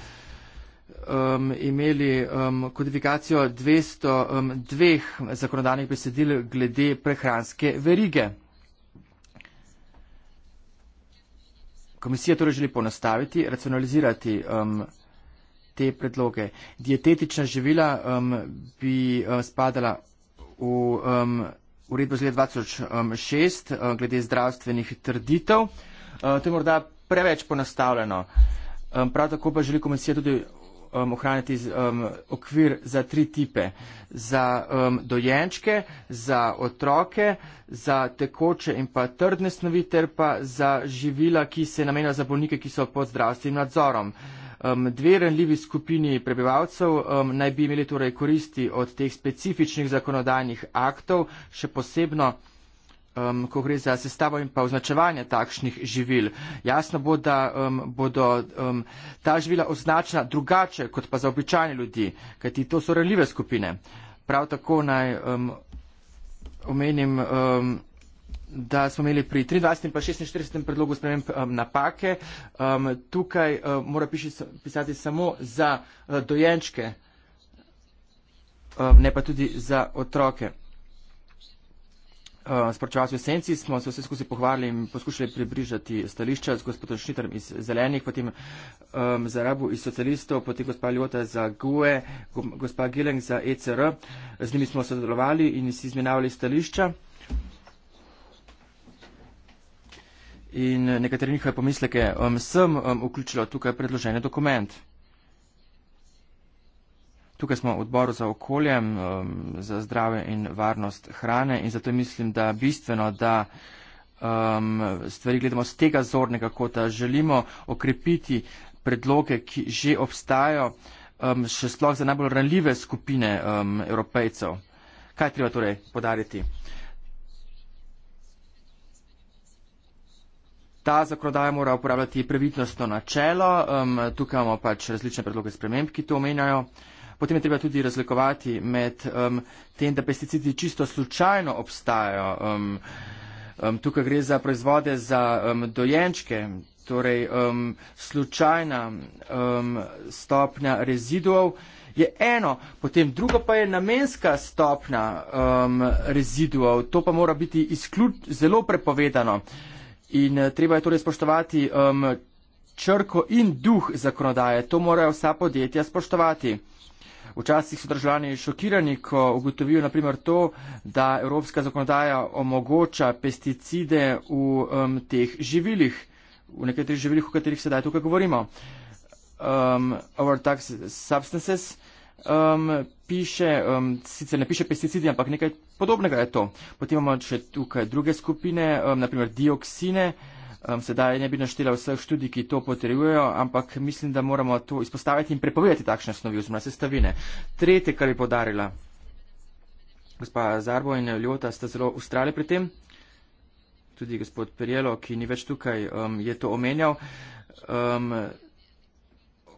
um, imeli um, kodifikacijo 202 um, zakonodajnih besedil glede prehranske verige. Komisija torej želi ponastaviti, racionalizirati um, te predloge. Dietetična živila um, bi um, spadala v um, uredbo z leta 2006 um, uh, glede zdravstvenih trditev. Uh, to je morda preveč ponastavljeno. Um, prav tako pa želi komisija tudi um, ohranjati um, okvir za tri tipe. Za um, dojenčke, za otroke, za tekoče in pa trdne snovi ter pa za živila, ki se namenja za bolnike, ki so pod zdravstvenim nadzorom. Um, dve renljivi skupini prebivalcev um, naj bi imeli torej koristi od teh specifičnih zakonodajnih aktov, še posebno um, ko gre za sestavo in pa označevanje takšnih živil. Jasno bo, da um, bodo um, ta živila označena drugače, kot pa za običajne ljudi, kajti to so ranljive skupine. Prav tako naj um, omenim. Um, da smo imeli pri 23. in 46. predlogu sprememb um, napake. Um, tukaj um, mora piši, pisati samo za uh, dojenčke, um, ne pa tudi za otroke. Eh, Sprčasi v senci smo se vse skupaj pohvalili in poskušali približati stališča z gospodom Šnitrom iz Zelenih, potem um, ehm, za rabu iz socialistov, potem gospa Ljota za GUE, gospa Gileng za ECR. Z njimi smo sodelovali in si izmenjavali stališča. In nekatere njihove pomisleke um, sem um, vključila tukaj predložene dokument. Tukaj smo v odboru za okolje, za zdrave in varnost hrane in zato mislim, da bistveno, da um, stvari gledamo z tega zornega kota, želimo okrepiti predloge, ki že obstajajo, um, še sploh za najbolj ranljive skupine um, evropejcev. Kaj treba torej podariti? Ta zakonodaja mora uporabljati previdnostno načelo, um, tukaj imamo pač različne predloge sprememb, ki to omenjajo. Uh, Potem je treba tudi razlikovati med um, tem, da pesticidi čisto slučajno obstajajo. Um, um, tukaj gre za proizvode za um, dojenčke, torej um, slučajna um, stopnja reziduov je eno, potem drugo pa je namenska stopnja um, reziduov. To pa mora biti izključ, zelo prepovedano in eh, treba je torej spoštovati um, črko in duh zakonodaje. To morajo vsa podjetja spoštovati. Včasih so državljani šokirani, ko ugotovijo naprimer to, da evropska zakonodaja omogoča pesticide v um, teh živilih, v nekaterih živilih, o katerih sedaj tukaj govorimo. Um, our tax substances um, piše, um, sicer ne piše pesticidi, ampak nekaj podobnega je to. Potem imamo še tukaj druge skupine, um, naprimer dioksine. Um, sedaj ne bi naštela vseh študij, ki to potrjujejo, ampak mislim, da moramo to izpostaviti in prepovedati takšne snovi oziroma sestavine. Tretje, kar je podarila gospa Zarbo in Ljota, sta zelo ustrali pri tem. Tudi gospod Perjelo, ki ni več tukaj, um, je to omenjal. Um,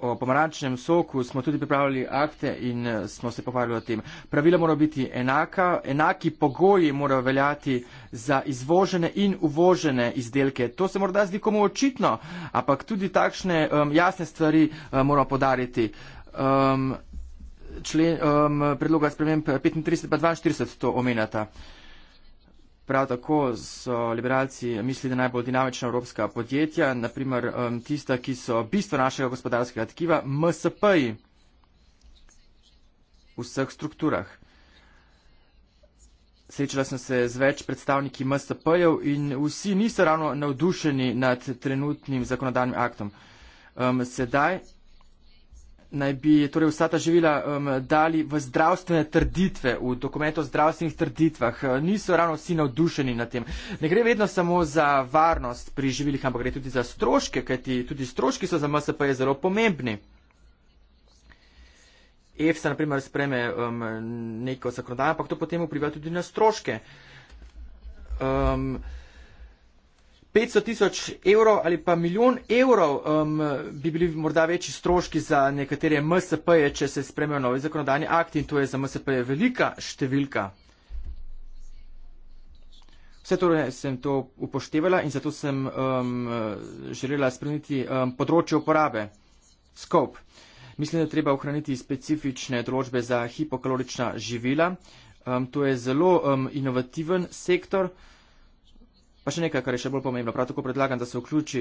o pomarančnem soku smo tudi pripravili akte in eh, smo se pogovarjali o tem. Pravila morajo biti enaka, enaki pogoji morajo veljati za izvožene in uvožene izdelke. To se morda zdi komu očitno, ampak tudi takšne um, jasne stvari um, moramo podariti. Um, člen, um, predloga sprememb 35 in 42 to omenjata. Prav tako so liberalci mislili, da najbolj dinamična evropska podjetja, naprimer tista, ki so bistvo našega gospodarskega tkiva, MSP-ji v vseh strukturah. Srečala sem se z več predstavniki MSP-jev in vsi niso ravno navdušeni nad trenutnim zakonodanim aktom. Sedaj naj bi torej vsa ta živila um, dali v zdravstvene trditve, v dokument o zdravstvenih trditvah. Niso ravno vsi navdušeni na tem. Ne gre vedno samo za varnost pri živilih, ampak gre tudi za stroške, kajti tudi stroški so za MSP zelo pomembni. EFSA naprimer spreme um, neko zakonodajo, ampak to potem vpliva tudi na stroške. Um, 500 tisoč evrov ali pa milijon evrov um, bi bili morda večji stroški za nekatere MSP-je, če se spremejo novi zakonodajni akti in to je za MSP-je velika številka. Vse to torej sem to upoštevala in zato sem um, želela spremeniti um, področje uporabe. Skop. Mislim, da treba ohraniti specifične določbe za hipokalorična živila. Um, to je zelo um, inovativen sektor. Pa še nekaj, kar je še bolj pomembno. Prav tako predlagam, da se vključi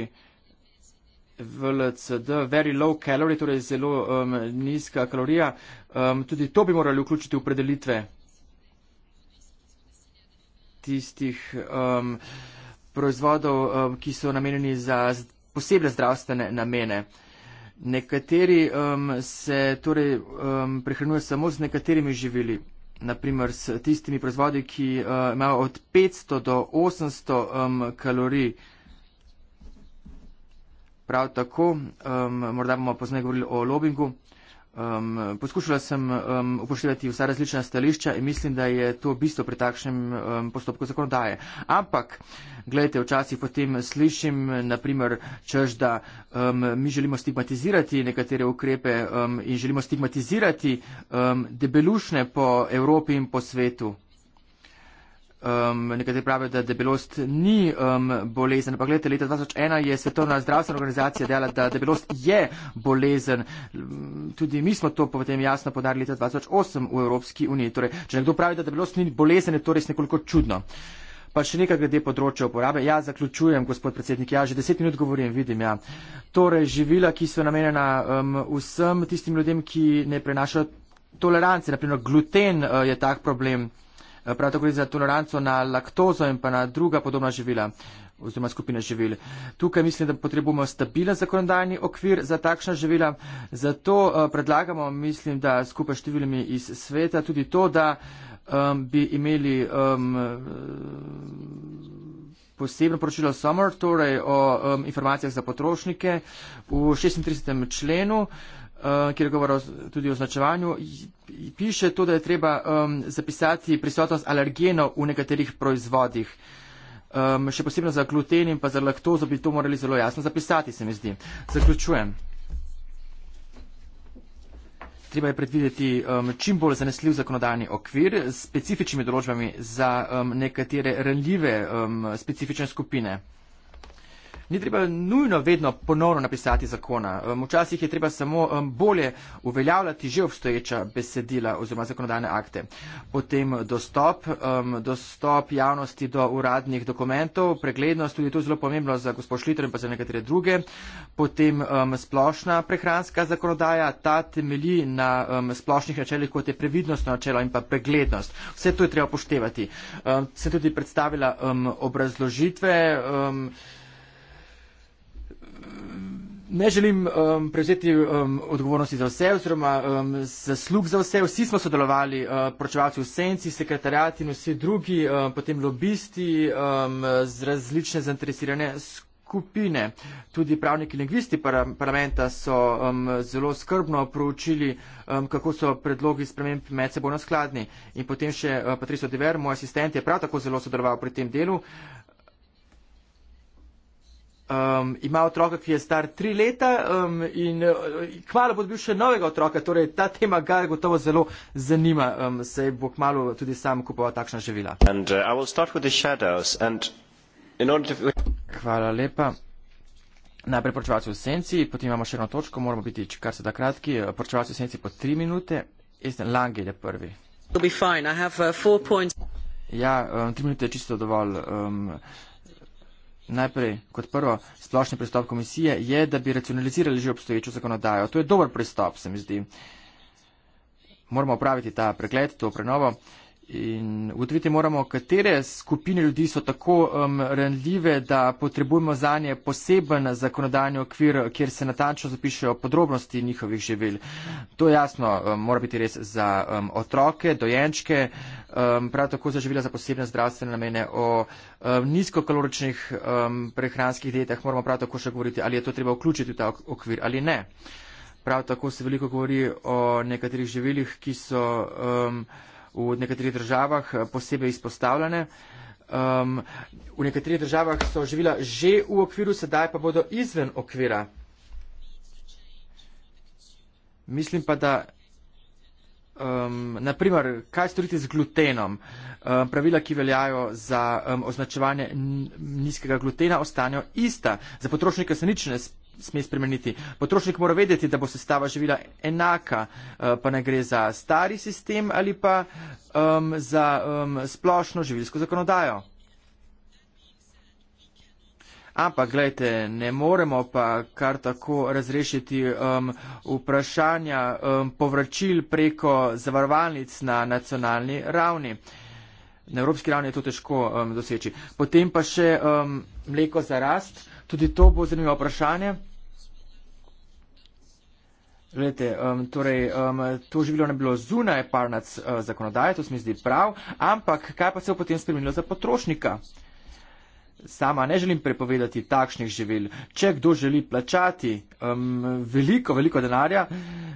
v LCD, very low calorie, torej zelo um, nizka kalorija. Um, tudi to bi morali vključiti v predelitve tistih um, proizvodov, um, ki so namenjeni za posebne zdravstvene namene. Nekateri um, se torej um, prehranjujejo samo z nekaterimi živili naprimer s tistimi proizvodi, ki uh, imajo od 500 do 800 um, kalorij. Prav tako, um, morda bomo pozneje govorili o lobingu. Um, poskušala sem um, upoštevati vsa različna stališča in mislim, da je to bistvo pri takšnem um, postopku zakonodaje. Ampak, gledajte, včasih potem slišim, naprimer, čež, da um, mi želimo stigmatizirati nekatere ukrepe um, in želimo stigmatizirati um, debelušne po Evropi in po svetu. Um, nekateri pravijo, da debelost ni um, bolezen. Pa gledajte, leta 2001 je Svetovna zdravstvena organizacija dejala, da debelost je bolezen. Tudi mi smo to potem jasno podarili leta 2008 v Evropski uniji. Torej, če nekdo pravi, da debelost ni bolezen, je to res nekoliko čudno. Pa še nekaj glede področja uporabe. Ja, zaključujem, gospod predsednik. Ja, že deset minut govorim, vidim. Ja. Torej, živila, ki so namenjena um, vsem tistim ljudem, ki ne prenašajo tolerance, naprimer gluten uh, je tak problem. Eh, prav tako gre za toleranco na laktozo in pa na druga podobna živila oziroma skupine živil. Tukaj mislim, da potrebujemo stabilen zakonodajni okvir za takšna živila. Zato eh, predlagamo, mislim, da skupaj številimi iz sveta, tudi to, da um, bi imeli um, posebno poročilo Summer, torej o um, informacijah za potrošnike v 36. členu. Eh, kjer govorijo tudi o označevanju, piše to, da je treba um, zapisati prisotnost alergenov v nekaterih proizvodih. Um, še posebno za gluten in pa za laktozo bi to morali zelo jasno zapisati, se mi zdi. Zaključujem. Treba je predvideti um, čim bolj zanesljiv zakonodajni okvir s specifičnimi določbami za um, nekatere renljive um, specifične skupine ni treba nujno vedno ponovno napisati zakona. Včasih je treba samo bolje uveljavljati že obstoječa besedila oziroma zakonodajne akte. Potem dostop, dostop javnosti do uradnih dokumentov, preglednost, tudi to je zelo pomembno za gospod Šliter in pa za nekatere druge. Potem splošna prehranska zakonodaja, ta temelji na splošnih načelih, kot je previdnostno načelo in pa preglednost. Vse to je treba upoštevati. Se tudi predstavila obrazložitve. Ne želim um, prevzeti um, odgovornosti za vse oziroma um, zaslug za vse. Vsi smo sodelovali, uh, pročevalci v senci, sekretarjati in vsi drugi, um, potem lobisti um, z različne zainteresirane skupine. Tudi pravniki lingvisti parlamenta so um, zelo skrbno proučili, um, kako so predlogi sprememb med seboj naskladni. In potem še uh, Patricio Diver, moj asistent, je prav tako zelo sodeloval pri tem delu. Uh, Um, ima otroka, ki je star tri leta um, in uh, kmalo bo dobil še novega otroka. Torej, ta tema ga je gotovo zelo zanima. Um, se bo kmalo tudi sam kupoval takšna živila. And, uh, to... Hvala lepa. Najprej porčevalci v senci, potem imamo še eno točko, moramo biti, kar se da kratki, porčevalci v senci po tri minute. Jezden Lange je prvi. Uh, ja, um, tri minute je čisto dovolj. Um, najprej kot prvo splošni pristop komisije je, da bi racionalizirali že obstoječo zakonodajo. To je dober pristop, se mi zdi. Moramo upraviti ta pregled, to prenovo in ugotoviti moramo, katere skupine ljudi so tako um, ranljive, da potrebujemo za nje poseben zakonodajni okvir, kjer se natančno zapišejo podrobnosti njihovih živelj. To je jasno, um, mora biti res za um, otroke, dojenčke, um, prav tako za živela za posebne zdravstvene namene. O um, nizkokaloričnih um, prehranskih dietah moramo prav tako še govoriti, ali je to treba vključiti v ta okvir ali ne. Prav tako se veliko govori o nekaterih živeljih, ki so. Um, v nekaterih državah eh, posebej izpostavljene. Um, v nekaterih državah so živila že v okviru, sedaj pa bodo izven okvira. Mislim pa, da. Um, naprimer, kaj storiti z glutenom? Um, pravila, ki veljajo za um, označevanje nizkega glutena, ostanejo ista. Za potrošnika se nič ne spremeni sme spremeniti. Potrošnik mora vedeti, da bo sestava živila enaka, eh, pa ne gre za stari sistem ali pa um, za um, splošno živilsko zakonodajo. Ampak, gledajte, ne moremo pa kar tako razrešiti um, vprašanja um, povračil preko zavarovalnic na nacionalni ravni. Na evropski ravni je to težko um, doseči. Potem pa še um, mleko za rast. Tudi to bo zanimivo vprašanje. Lete, um, torej, um, to življenje ne bi bilo zunaj parnac uh, zakonodaje, to se mi zdi prav, ampak kaj pa se je potem spremenilo za potrošnika? Sama ne želim prepovedati takšnih živil. Če kdo želi plačati um, veliko, veliko denarja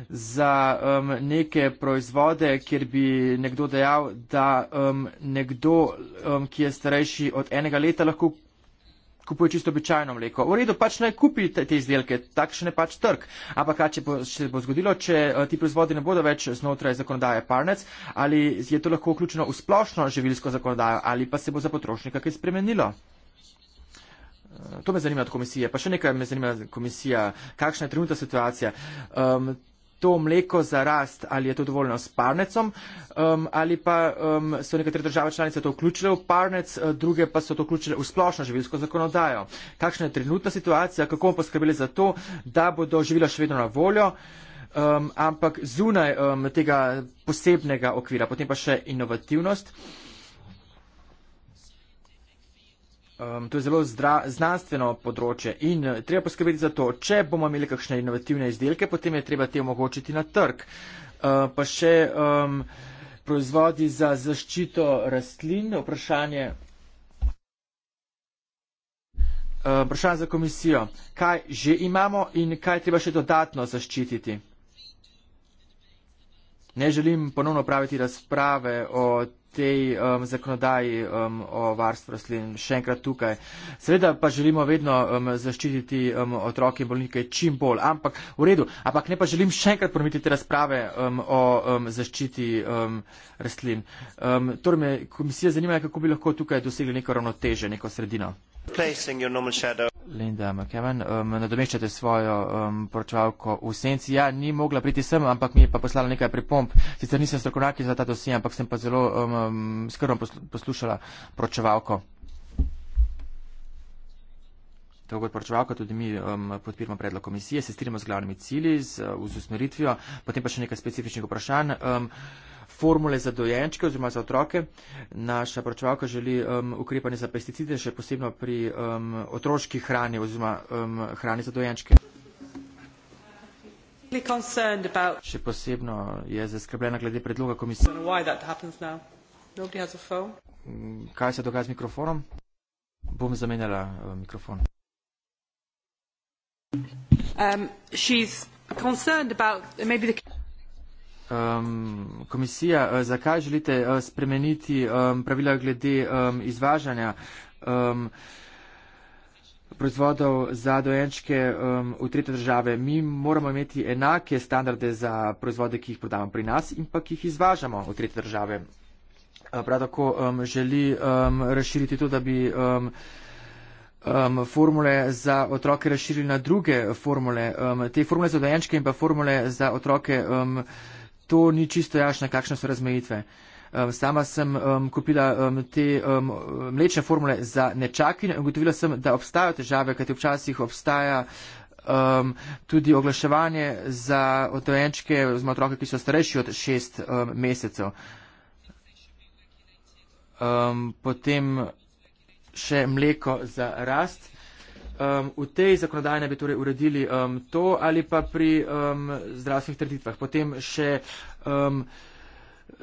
za um, neke proizvode, kjer bi nekdo dejal, da um, nekdo, um, ki je starejši od enega leta, lahko kupuje čisto običajno mleko. V redu, pač naj kupi te, te izdelke, takšen je pač trg. Ampak kaj, če bo, se bo zgodilo, če uh, ti proizvodi ne bodo več znotraj zakonodaje parnec, ali je to lahko vključeno v splošno živilsko zakonodajo, ali pa se bo za potrošnika kaj spremenilo? Eh, to me zanima od komisije. Pa še nekaj me zanima komisija, kakšna je trenutna situacija. Um, to mleko za rast, ali je to dovoljno s parnecom, um, ali pa um, so nekatere države članice to vključile v parnec, uh, druge pa so to vključile v splošno živilsko zakonodajo. Kakšna je trenutna situacija, kako bomo poskrbeli za to, da bodo živila še vedno na voljo, um, ampak zunaj um, tega posebnega okvira, potem pa še inovativnost. Um, to je zelo zdra, znanstveno področje in uh, treba poskrbeti za to, če bomo imeli kakšne inovativne izdelke, potem je treba te omogočiti na trg. Uh, pa še um, proizvodi za zaščito rastlin, vprašanje. Vprašanje za komisijo. Kaj že imamo in kaj treba še dodatno zaščititi? Ne želim ponovno praviti razprave o tej um, zakonodaji um, o varstvu rastlin še enkrat tukaj. Seveda pa želimo vedno um, zaščititi um, otroke in bolnike čim bolj, ampak v redu, ampak ne pa želim še enkrat ponoviti te razprave um, o um, zaščiti um, rastlin. Um, torej me komisija zanima, kako bi lahko tukaj dosegli neko ravnoteže, neko sredino. Linda McKeven, um, nadomeščate svojo um, poročevalko v senci. Ja, ni mogla priti sem, ampak mi je pa poslala nekaj pripomp. Sicer nisem strokovnjak za ta dosi, ampak sem pa zelo um, um, skrbno poslušala pročevalko. Tako kot poročevalka, tudi mi um, podpiramo predlog komisije, se strinjamo z glavnimi cilji, z, uh, z usmeritvijo, potem pa še nekaj specifičnih vprašanj. Um, formule za dojenčke oziroma za otroke. Naša poročevalka želi um, ukrepanje za pesticide, še posebno pri um, otroški hrani oziroma um, hrani za dojenčke. Really še posebno je zaskrbljena glede predloga komisije. Dobri, jaz ufam. Mm, kaj se dogaja z mikrofonom? Bom zamenjala uh, mikrofon. Um, the... um, komisija, uh, zakaj želite uh, spremeniti um, pravila glede um, izvažanja um, proizvodov za dojenčke um, v tretje države? Mi moramo imeti enake standarde za proizvode, ki jih prodamo pri nas in pa ki jih izvažamo v tretje države. Eh, prav tako um, želi um, razširiti to, da bi um, um, formule za otroke razširili na druge formule. Um, te formule za dojenčke in pa formule za otroke, um, to ni čisto jasno, kakšne so razmejitve. Um, sama sem um, kupila um, te um, mlečne formule za nečakin in ugotovila sem, da obstajajo težave, kajti včasih obstaja um, tudi oglaševanje za dojenčke oziroma otroke, ki so starejši od šest um, mesecev um, potem še mleko za rast. Um, v tej zakonodaji naj bi torej uredili um, to ali pa pri um, zdravstvenih trditvah. Potem še um,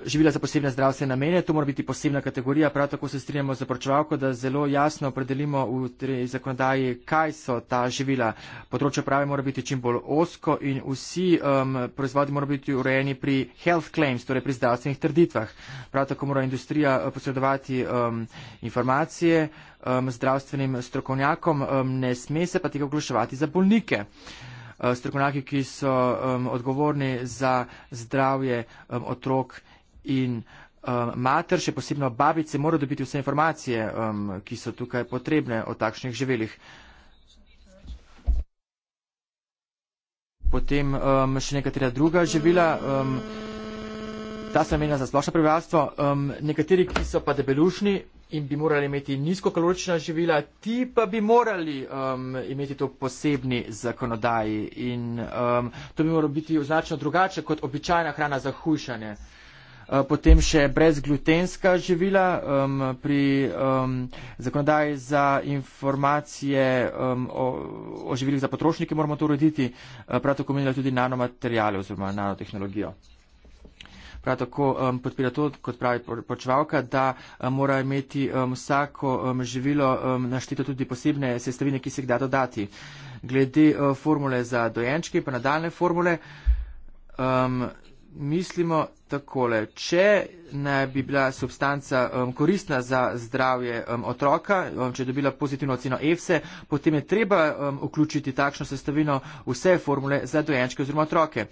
živila za posebne zdravstvene namene, to mora biti posebna kategorija, prav tako se strinjamo z opročevalko, da zelo jasno opredelimo v tej zakonodaji, kaj so ta živila. Področje prave mora biti čim bolj osko in vsi um, proizvodi mora biti urejeni pri health claims, torej pri zdravstvenih trditvah. Prav tako mora industrija uh, posredovati um, informacije um, zdravstvenim strokovnjakom, um, ne sme se pa tega oglaševati za bolnike. Uh, strokovnjaki, ki so um, odgovorni za zdravje um, otrok, in uh, mater, še posebno babice, mora dobiti vse informacije, um, ki so tukaj potrebne o takšnih živelih. Potem um, še nekatera druga živila, um, ta se namenja za splošno prebivalstvo. Um, nekateri, ki so pa debelušni in bi morali imeti nizkokalorična živila, ti pa bi morali um, imeti to posebni zakonodaji. In um, to bi moralo biti označeno drugače kot običajna hrana za hujšanje. Eh, potem še brezglutenska živila um, pri um, zakonodaji za informacije um, o, o živilih za potrošnike moramo to urediti, eh, prav tako menila tudi nanomaterijale oziroma nanotehnologijo. Prav tako um, podpira to, kot pravi počevalka, da um, mora imeti um, vsako um, živilo um, našteto tudi posebne sestavine, ki se jih da dodati. Glede uh, formule za dojenčke in pa nadaljne formule, um, mislimo takole. Če ne bi bila substanca um, koristna za zdravje um, otroka, um, če je dobila pozitivno oceno EFSE, potem je treba um, vključiti takšno sestavino vse formule za dojenčke oziroma otroke.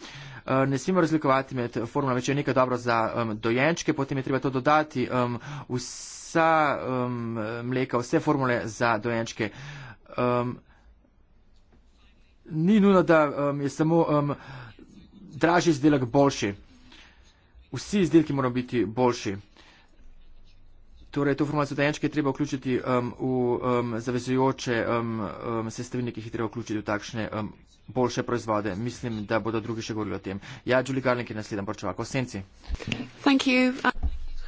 Uh, ne smemo razlikovati med formulami, če je nekaj dobro za um, dojenčke, potem je treba to dodati um, vsa um, mleka, vse formule za dojenčke. Um, ni nujno, da um, je samo. Um, dražji izdelek boljši. Vsi izdelki morajo biti boljši. Torej, to formulacijo tajenčke je treba vključiti um, v um, zavezujoče um, um, sestavine, ki jih je treba vključiti v takšne um, boljše proizvode. Mislim, da bodo drugi še govorili o tem. Ja, Julie Garlink je naslednja porčevalka. Osenci.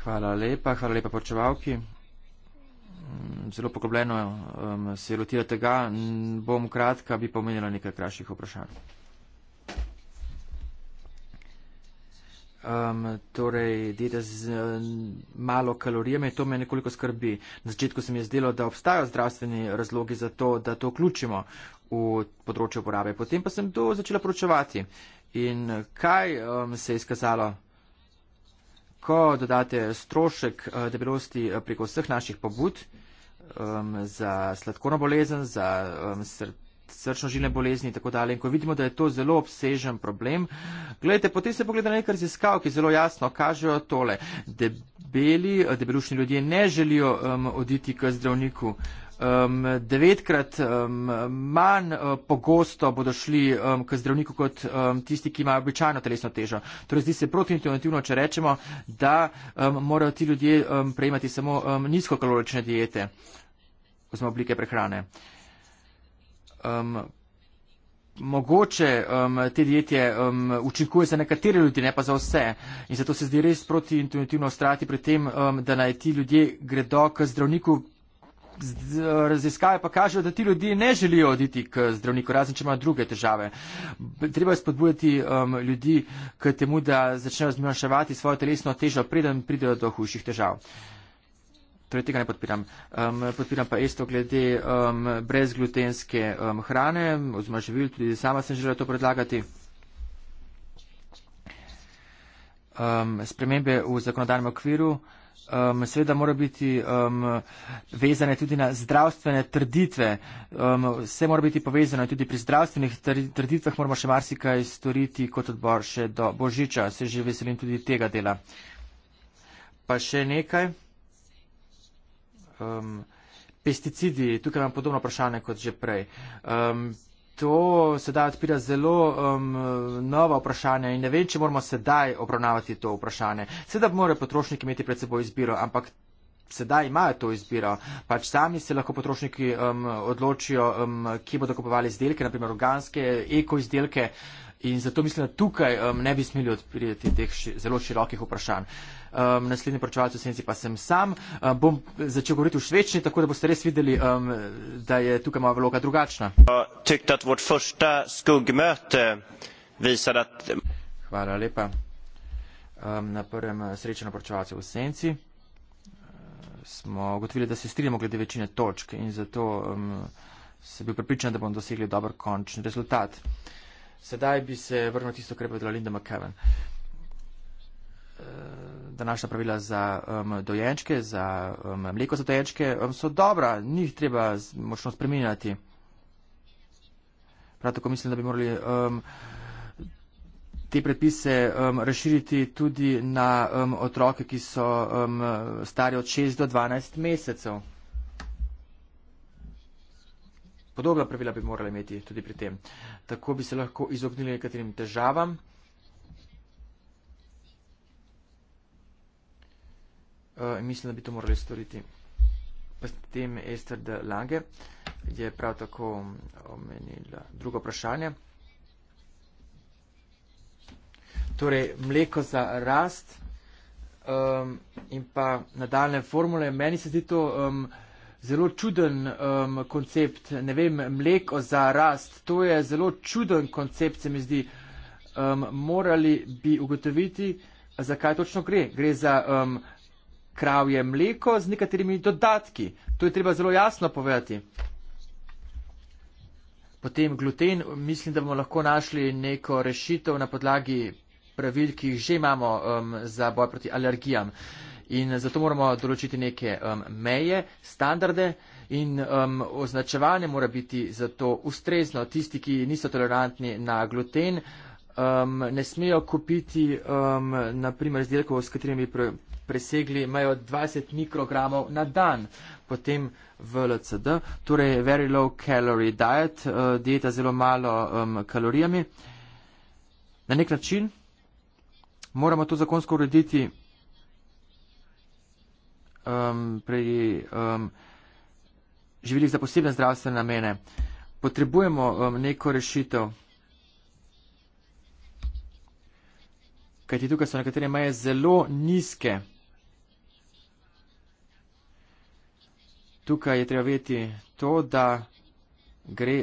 Hvala lepa, hvala lepa porčevalki. Mm, zelo poglobljeno um, se je rotila tega. Bom kratka, bi pomenila nekaj krajših vprašanj. Um, torej, dieta z um, malo kalorijami, to me nekoliko skrbi. Na začetku se mi je zdelo, da obstajajo zdravstveni razlogi za to, da to vključimo v področje uporabe. Potem pa sem to začela pročevati. In kaj um, se je izkazalo? Ko dodate strošek uh, debelosti eh, preko vseh naših pobud um, za sladkorno bolezen, za um, srce, srčno-žilne bolezni in tako dalje. In ko vidimo, da je to zelo obsežen problem, gledajte, potem se pogleda nekaj raziskav, ki zelo jasno kažejo tole. Debeli, eh, debelušni ljudje ne želijo um, oditi k zdravniku. Um, devetkrat um, manj uh, pogosto bodo šli um, k zdravniku kot um, tisti, ki imajo običajno telesno težo. Torej zdi se protiintuitivno, če rečemo, da um, morajo ti ljudje um, prejemati samo um, nizkokalorične diete oziroma oblike prehrane. Uh, um, mogoče um, te dijete um, učinkuje za nekatere ljudi, ne pa za vse. In zato se zdi res protiintuitivno ostrati pri tem, um, da naj ti ljudje gredo k zdravniku. Raziskave pa kažejo, da ti ljudje ne želijo oditi k zdravniku, razen če imajo druge težave. Treba je spodbujati um, ljudi k temu, da začnejo zmanjševati svojo telesno težo, preden pridejo do hujših težav. Torej, tega ne podpiram. Um, podpiram pa isto glede um, brezglutenske um, hrane, oziroma živil, tudi sama sem želela to predlagati. Um, spremembe v zakonodajnem okviru. Um, Sveda mora biti um, vezane tudi na zdravstvene trditve. Um, vse mora biti povezano tudi pri zdravstvenih trditvah. Moramo še marsikaj storiti kot odbor še do Božiča. Se že veselim tudi tega dela. Pa še nekaj um, pesticidi, tukaj imam podobno vprašanje kot že prej. Um, to sedaj odpira zelo um, nova vprašanja in ne vem, če moramo sedaj obravnavati to vprašanje. Sedaj morajo potrošniki imeti pred seboj izbiro, ampak. Sedaj imajo to izbiro, pač sami se lahko potrošniki um, odločijo, um, ki bodo kupovali izdelke, naprimer organske, eko izdelke. In zato mislim, da tukaj um, ne bi smeli odpriti teh ši, zelo širokih vprašanj. Um, naslednji pročevalc v senci pa sem sam. Um, bom začel govoriti v švečni, tako da boste res videli, um, da je tukaj moja vloga drugačna. Ja, Hvala lepa. Um, na prvem uh, srečanju pročevalcev v senci uh, smo ugotovili, da se strinjamo glede večine točk in zato um, sem bil pripričan, da bomo dosegli dober končni rezultat. Uh, Sedaj bi se vrnil tisto, kar je povedala Linda McKeven. Eh, današnja pravila za um, dojenčke, za um, mleko za dojenčke um, so dobra, njih treba močno spreminjati. Prav tako mislim, da bi morali um, te predpise um, razširiti tudi na um, otroke, ki so um, stari od 6 do 12 mesecev. Podobna pravila bi morali imeti tudi pri tem. Tako bi se lahko izognili nekaterim težavam. Uh, mislim, da bi to morali storiti. Pa s tem Ester de Lange je prav tako omenila drugo vprašanje. Torej, mleko za rast um, in pa nadaljne formule. Meni se zdi to. Um, zelo čuden um, koncept, ne vem, mleko za rast, to je zelo čuden koncept, se mi zdi. Um, morali bi ugotoviti, zakaj točno gre. Gre za um, kravje mleko z nekaterimi dodatki. To je treba zelo jasno povedati. Potem gluten, mislim, da bomo lahko našli neko rešitev na podlagi pravil, ki jih že imamo um, za boj proti alergijam. Uh, In zato moramo določiti neke um, meje, standarde in um, označevanje mora biti zato ustrezno. Tisti, ki niso tolerantni na gluten, um, ne smejo kupiti um, naprimer izdelkov, s katerimi pre, presegli mejo 20 mikrogramov na dan. Potem v LCD, torej very low calorie diet, uh, dieta zelo malo um, kalorijami. Na nek način moramo to zakonsko urediti um, pri um, živilih za posebne zdravstvene namene. Potrebujemo um, neko rešitev, kajti tukaj so nekatere meje zelo nizke. Tukaj je treba vedeti to, da gre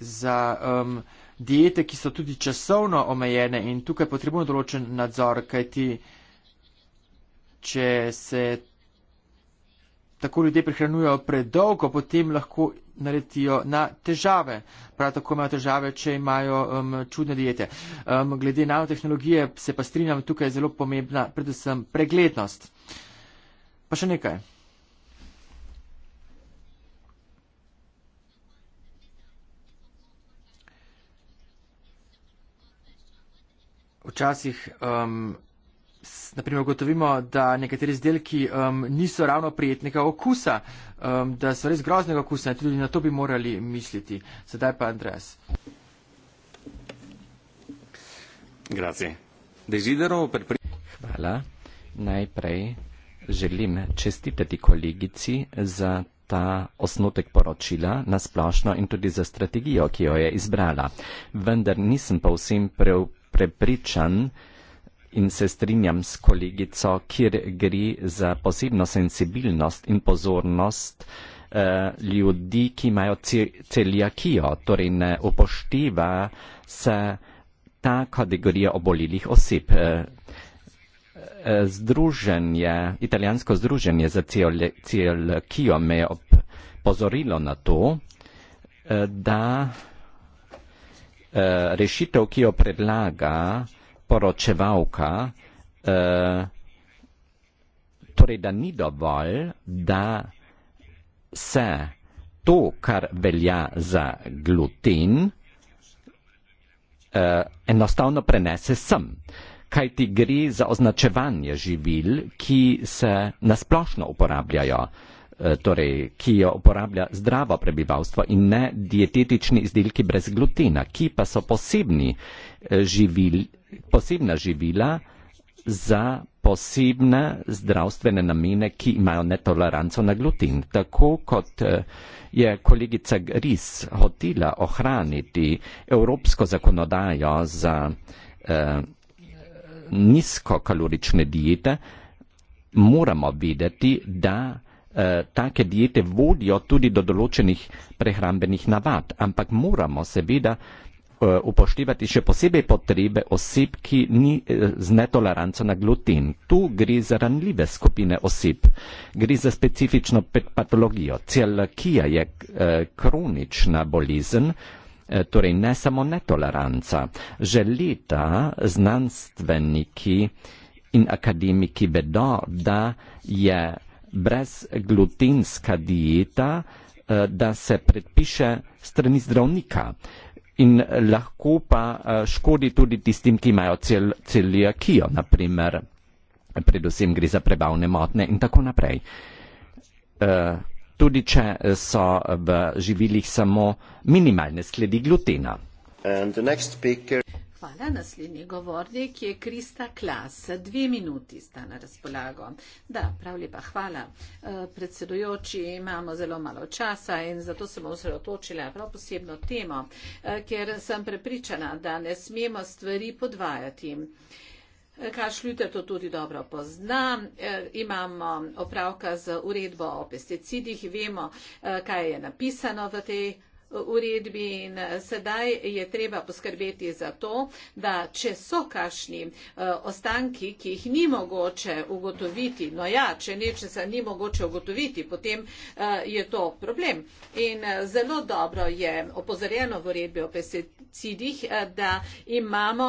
za um, diete, ki so tudi časovno omejene in tukaj potrebujemo določen nadzor, kajti če se tako ljudje prehranjujejo predolgo, potem lahko naletijo na težave. Prav tako imajo težave, če imajo um, čudne diete. Um, glede nanotehnologije se pa strinjam, tukaj je zelo pomembna predvsem preglednost. Pa še nekaj. Včasih um, naprimer gotovimo, da nekateri izdelki um, niso ravno prijetnega okusa, um, da so res groznega okusa in tudi na to bi morali misliti. Sedaj pa Andres. Hvala. Najprej želim čestitati kolegici za ta osnutek poročila na splošno in tudi za strategijo, ki jo je izbrala. Vendar nisem pa vsem prepričan, pre in se strinjam s kolegico, kjer gre za posebno sensibilnost in pozornost uh, ljudi, ki imajo celjakijo, torej ne upošteva se ta kategorija obolilih oseb. Eh, eh, združenje, italijansko združenje za celjakijo me je opozorilo na to, da rešitev, ki jo predlaga, poročevalka, eh, torej da ni dovolj, da se to, kar velja za gluten, eh, enostavno prenese sem. Kaj ti gre za označevanje živil, ki se nasplošno uporabljajo? Eh, torej, ki jo uporablja zdravo prebivalstvo in ne dietetični izdelki brez glutena, ki pa so posebni eh, živil, posebna živila za posebne zdravstvene namene, ki imajo netoleranco na glutin. Tako kot eh, je kolegica Gris hotela ohraniti evropsko zakonodajo za eh, nizkokalorične diete, moramo vedeti, da eh, take diete vodijo tudi do določenih prehrambenih navad, ampak moramo seveda eh, upoštevati še posebej potrebe oseb, ki ni eh, z netoleranco na gluten. Tu gre za ranljive skupine oseb, gre za specifično patologijo. Celakija je eh, kronična bolezen, torej ne samo netoleranca. Že leta znanstveniki in akademiki vedo, da je brezglutenska dieta, eh, da se predpiše strani zdravnika in lahko pa eh, škodi tudi tistim, ki imajo cel, celijakijo, naprimer, predvsem gre za prebavne motne in tako naprej. Eh, tudi če so v živilih samo minimalne sledi glutena. Hvala. Naslednji govornik je Krista Klas. Dve minuti sta na razpolago. Da, prav lepa hvala. Eh, predsedujoči, imamo zelo malo časa in zato sem osredotočila prav posebno temo, eh, ker sem prepričana, da ne smemo stvari podvajati. Eh, kaj šljute to tudi dobro pozna, e, imamo opravka z uredbo o pesticidih, vemo, e, kaj je napisano v tej uredbi in eh, sedaj je treba poskrbeti za to, da če so kašni eh, ostanki, ki jih ni mogoče ugotoviti, no ja, če nečesa ni mogoče ugotoviti, potem eh, je to problem. In zelo dobro je opozorjeno v uredbi o pesticidih, da imamo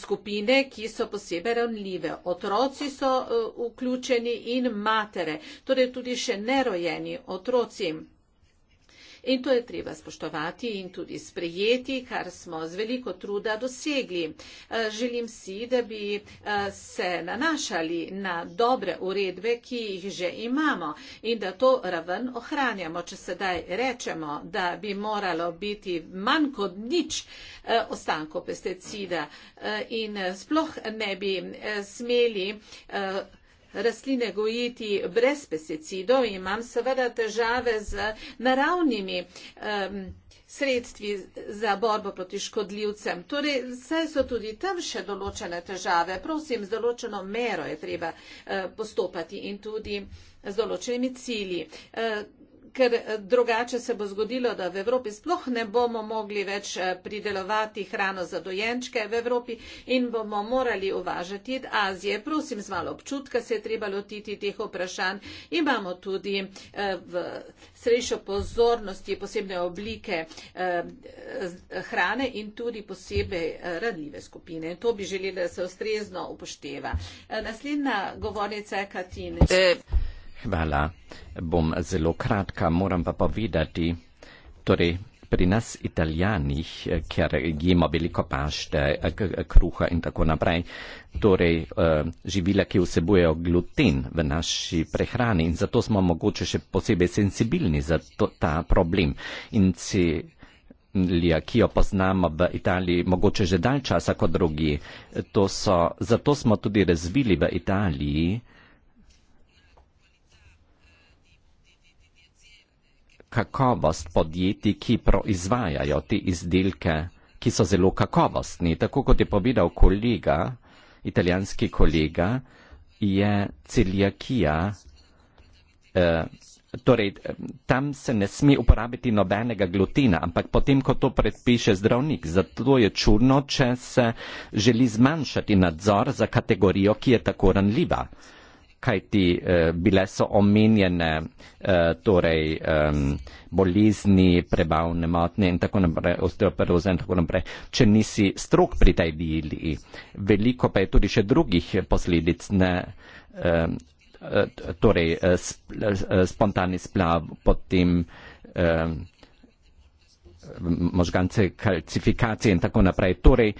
skupine, ki so posebej ranljive. Otroci so vključeni in matere, torej tudi še nerojeni otroci. In to je treba spoštovati in tudi sprejeti, kar smo z veliko truda dosegli. Eh, želim si, da bi eh, se nanašali na dobre uredbe, ki jih že imamo in da to raven ohranjamo. Če sedaj rečemo, da bi moralo biti manj kot nič eh, ostankov pesticida in sploh ne bi smeli rastline gojiti brez pesticidov, imam seveda težave z naravnimi um, sredstvi za borbo proti škodljivcem. Torej, vse so tudi tam še določene težave. Prosim, z določeno mero je treba uh, postopati in tudi z določenimi cilji. Uh, ker eh, drugače se bo zgodilo, da v Evropi sploh ne bomo mogli več eh, pridelovati hrano za dojenčke v Evropi in bomo morali uvažati iz Azije. Prosim, z malo občutka se je treba lotiti teh vprašanj. Imamo tudi eh, v srejšo pozornosti posebne oblike hrane in tudi posebej ranljive skupine. To bi želeli, da se ustrezno upošteva. Naslednja govornica je Katina. E. Hvala. Bom zelo kratka, moram pa povedati, torej pri nas italijanih, ker jemo veliko pašte, kruha in tako naprej, torej eh, živila, ki vsebujejo gluten v naši prehrani in zato smo mogoče še posebej sensibilni za to, ta problem. In si ki jo poznamo v Italiji, mogoče že dalj časa kot drugi. Zato smo tudi razvili v Italiji uh, kakovost podjetij, ki proizvajajo te izdelke, ki so zelo kakovostni. Tako kot je povedal kolega, italijanski kolega, je celjakija, eh, torej tam se ne sme uporabiti nobenega glutina, ampak potem, ko to predpiše zdravnik, zato je čudno, če se želi zmanjšati nadzor za kategorijo, ki je tako ranljiva kajti eh, bile so omenjene eh, torej, eh, bolezni, prebavne motnje in tako naprej, osteoporoza in tako naprej, če nisi strok pri tej dili. Veliko pa je tudi še drugih posledic, ne, eh, torej eh, sp, eh, spontani splav, potem eh, možgance kalcifikacije in tako naprej. Torej,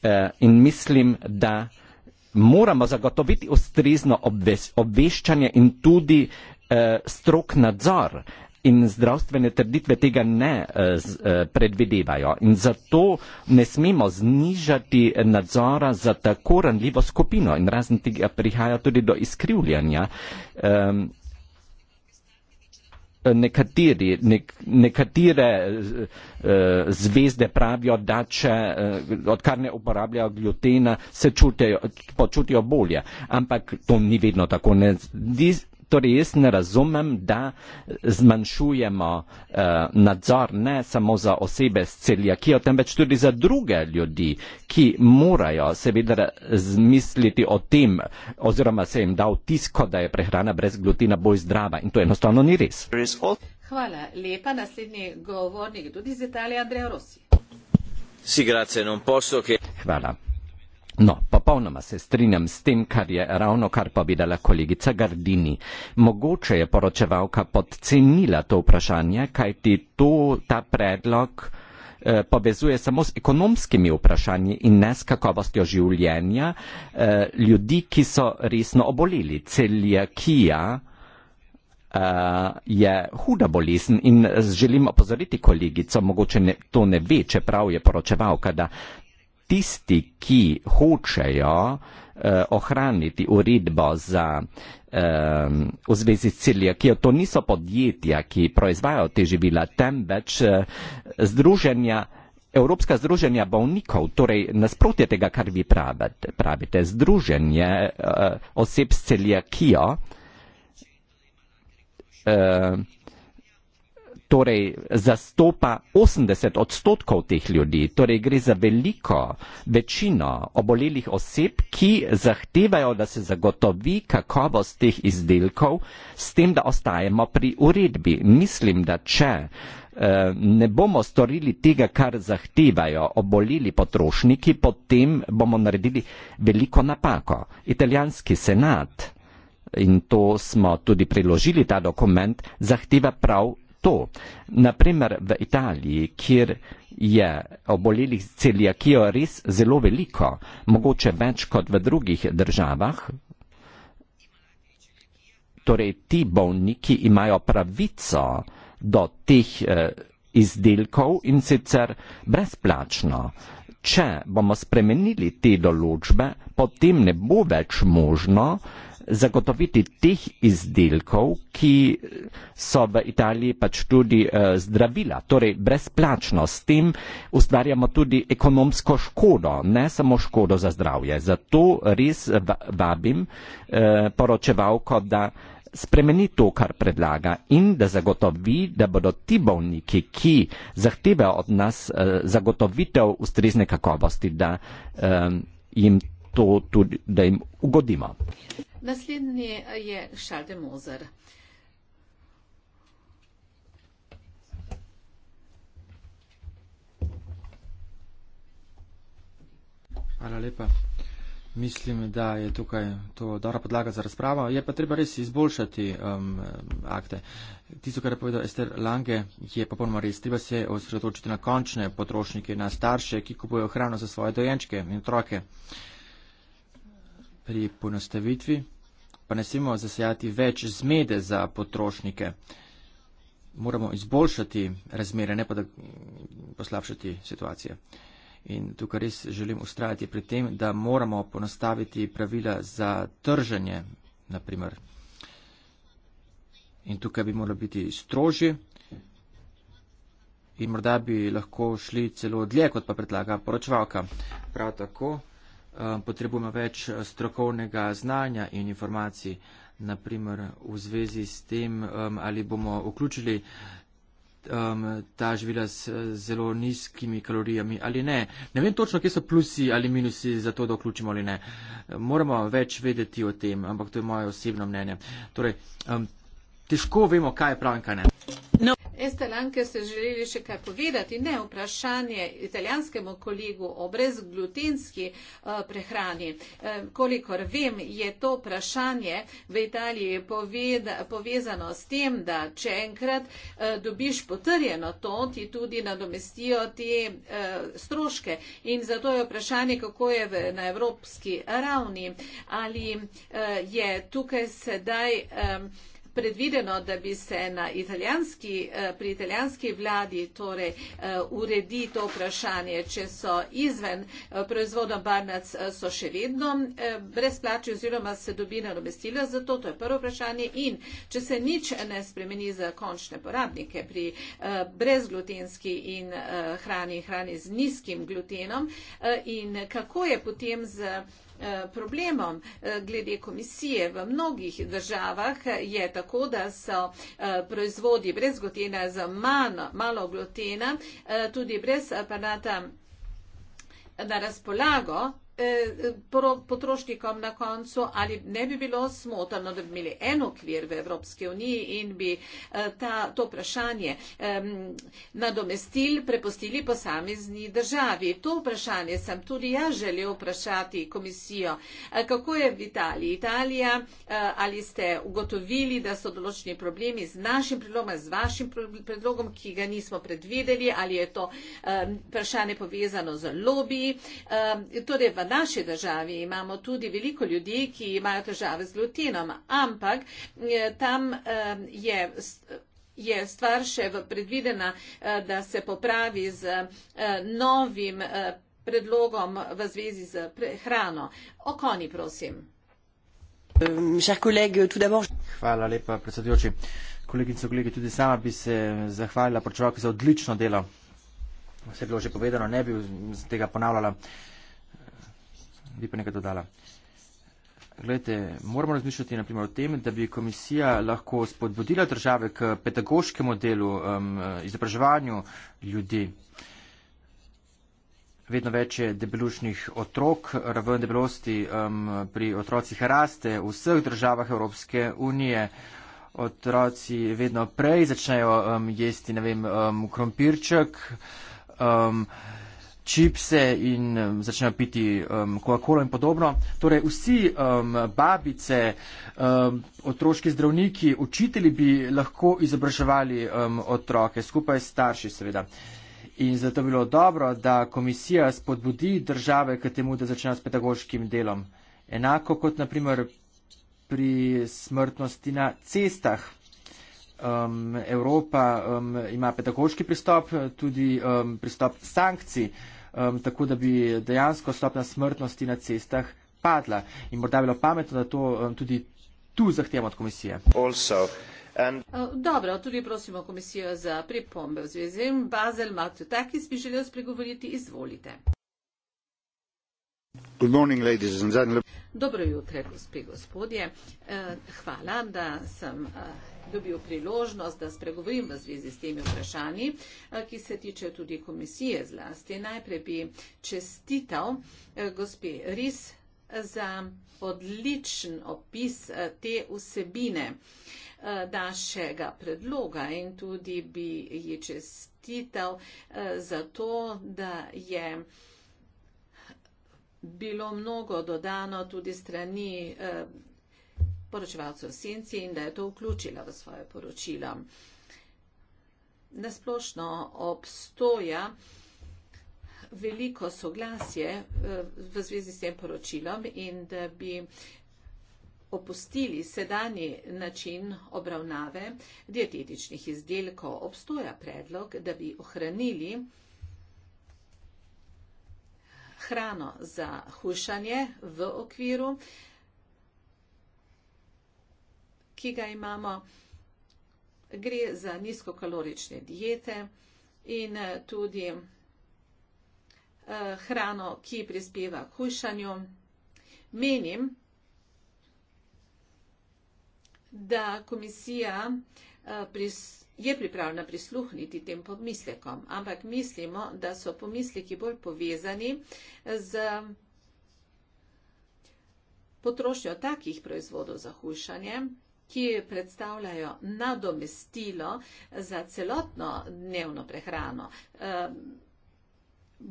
eh, in mislim, da moramo zagotoviti ustrezno obves, obveščanje in tudi eh, strok nadzor in zdravstvene trditve tega ne eh, z, eh, predvidevajo. In zato ne smemo znižati nadzora za tako ranljivo skupino in razen tega prihaja tudi do izkrivljanja. Eh, nekateri, nek, nekatere uh, zvezde pravijo, da če, uh, odkar ne uporabljajo glutena, se čutijo, počutijo bolje. Ampak to ni vedno tako. Ne, Torej, jaz ne razumem, da zmanjšujemo uh, nadzor ne samo za osebe s celjakijo, temveč tudi za druge ljudi, ki morajo seveda zmisliti o tem, oziroma se jim da vtisko, da je prehrana brez glutina bolj zdrava. In to enostavno ni res. Hvala lepa. Naslednji govornik tudi iz Italije, Andrej Rossi. Si, grazie, non posso che... Hvala. No, popolnoma se strinjam s tem, kar je ravno kar povedala kolegica Gardini. Mogoče je poročevalka podcenila to vprašanje, kaj ti to, ta predlog eh, povezuje samo s ekonomskimi vprašanji in ne s kakovostjo življenja eh, ljudi, ki so resno oboleli. Celjakija eh, je huda bolezen in želim opozoriti kolegico, mogoče ne, to ne ve, čeprav je poročevalka, da tisti, ki hočejo eh, ohraniti uredbo za, eh, v zvezi s ciljakijo, to niso podjetja, ki proizvajajo te živila, temveč eh, združenja, Evropska združenja bolnikov, torej nasprotje tega, kar vi pravite, pravite združenje eh, oseb s ciljakijo, eh, torej zastopa 80 odstotkov teh ljudi, torej gre za veliko večino obolelih oseb, ki zahtevajo, da se zagotovi kakovost teh izdelkov, s tem, da ostajemo pri uredbi. Mislim, da če eh, ne bomo storili tega, kar zahtevajo obolili potrošniki, potem bomo naredili veliko napako. Italijanski senat in to smo tudi priložili ta dokument, zahteva prav to. Naprimer v Italiji, kjer je obolelih celijakijo res zelo veliko, mogoče več kot v drugih državah, torej ti bolniki imajo pravico do teh eh, izdelkov in sicer brezplačno. Če bomo spremenili te določbe, potem ne bo več možno, zagotoviti tih izdelkov, ki so v Italiji pač tudi eh, zdravila, torej brezplačno. S tem ustvarjamo tudi ekonomsko škodo, ne samo škodo za zdravje. Zato res vabim eh, poročevalko, da spremeni to, kar predlaga in da zagotovi, da bodo ti bolniki, ki zahtevajo od nas eh, zagotovitev ustrezne kakovosti, da eh, jim to tudi, da jim ugodimo. Naslednji je Charles de Moser. Hvala lepa. Mislim, da je tukaj to dobra podlaga za razpravo. Je pa treba res izboljšati um, akte. Tisto, kar je povedal Ester Lange, je popolnoma res. Treba se osredotočiti na končne potrošnike, na starše, ki kupujejo hrano za svoje dojenčke in otroke. Uh, pri ponostavitvi, pa ne smemo zasejati več zmede za potrošnike. Moramo izboljšati razmere, ne pa da poslabšati situacije. In tukaj res želim ustrajati pri tem, da moramo ponastaviti pravila za trženje, naprimer. In tukaj bi morali biti strožji in morda bi lahko šli celo dlje, kot pa predlaga poročevalka. Prav tako potrebujemo več eh, strokovnega znanja in informacij, naprimer v zvezi s tem, ali bomo vključili ta živila z zelo nizkimi kalorijami ali ne. Ne vem točno, kje so plusi ali minusi za to, da vključimo ali ne. Moramo več vedeti o tem, ampak to je moje osebno mnenje. Torej, težko vemo, kaj je prav in kaj ne. No. Este Lanke ste želeli še kaj povedati? Ne, vprašanje italijanskemu kolegu o brezglutenski eh, prehrani. Eh, kolikor vem, je to vprašanje v Italiji poveda, povezano s tem, da če enkrat eh, dobiš potrjeno to, ti tudi nadomestijo te stroške. In zato je vprašanje, kako je na evropski ravni. Ali je tukaj sedaj predvideno, da bi se na italijanski, eh, pri italijanski vladi torej eh, uredi to vprašanje, če so izven eh, proizvodom barnac, so še vedno brezplačni oziroma se dobi na domestilo za to, to je prvo vprašanje in če se nič ne spremeni za končne porabnike pri brezglutenski in hrani, hrani z nizkim glutenom in kako je potem z Eh, problemom eh, glede komisije v mnogih državah je tako, da so eh, proizvodi brez glutena za malo, malo glutena, tudi brez aparata na razpolago, Eh, potrošnikom na koncu ali ne bi bilo smotrno, da bi imeli en okvir v Evropski uniji in bi eh, ta, to vprašanje um, nadomestili, prepustili posamezni državi. To vprašanje sem tudi ja želel vprašati komisijo. Eh, kako je v Italiji? Italija, ali ste ugotovili, da so določeni problemi z našim predlogom, z vašim predlogom, ki ga nismo predvideli, ali je to um, vprašanje povezano z lobiji? Um, torej naši državi imamo tudi veliko ljudi, ki imajo težave z glutenom, ampak eh, tam eh, je je stvar še predvidena, eh, da se popravi z novim predlogom v zvezi z hrano. O koni, prosim. Hvala lepa, predsedujoči. Kolegice in kolegi, tudi sama bi se zahvalila pročevalki za odlično delo. Vse je bilo že povedano, ne bi tega ponavljala bi pa nekaj dodala. Glejte, moramo razmišljati naprimer o tem, da bi komisija lahko spodbudila države k pedagoškemu delu, um, izobraževanju ljudi. Vedno več je debelušnih otrok, raven debelosti um, pri otrocih raste v vseh državah Evropske unije. Otroci vedno prej začnejo um, jesti, ne vem, um, krompirček. Um, čipse in um, začnejo piti um, Coca-Cola in podobno. Torej, vsi um, babice, um, otroški zdravniki, učitelji bi lahko izobraževali um, otroke, skupaj s starši seveda. In zato bi bilo dobro, da komisija spodbudi države k temu, da začne s pedagoškim delom. Enako kot naprimer pri smrtnosti na cestah um, Evropa um, ima pedagoški pristop, tudi um, pristop sankcij, um, tako da bi dejansko stopna smrtnosti na cestah padla. In morda bilo pametno, da to um, tudi tu zahtevamo od komisije. Also. And... Uh, dobro, tudi prosimo komisijo za pripombe v zvezi z tem. Bazel Matjo Takis bi želel spregovoriti, izvolite. Dobro jutro, gospe in gospodje. Eh, hvala, da sem eh, dobil priložnost, da spregovorim v zvezi s temi vprašanji, eh, ki se tiče tudi komisije zlasti. Najprej bi čestital gospe Ris za odličen opis te vsebine našega predloga in tudi bi ji čestital za to, da je bilo mnogo dodano tudi strani eh, poročevalcev Senci in da je to vključila v svoje poročila. Nasplošno obstoja veliko soglasje eh, v zvezi s tem poročilom in da bi opustili sedanji način obravnave dietetičnih izdelkov. Obstoja predlog, da bi ohranili hrano za hušanje v okviru, ki ga imamo. Gre za nizkokalorične diete in eh, tudi eh, hrano, ki prispeva k hušanju. Menim, da komisija eh, pristopi je pripravljena prisluhniti tem pomislekom, ampak mislimo, da so pomisleki bolj povezani z potrošnjo takih proizvodov za hujšanje, ki predstavljajo nadomestilo za celotno dnevno prehrano. Ehm,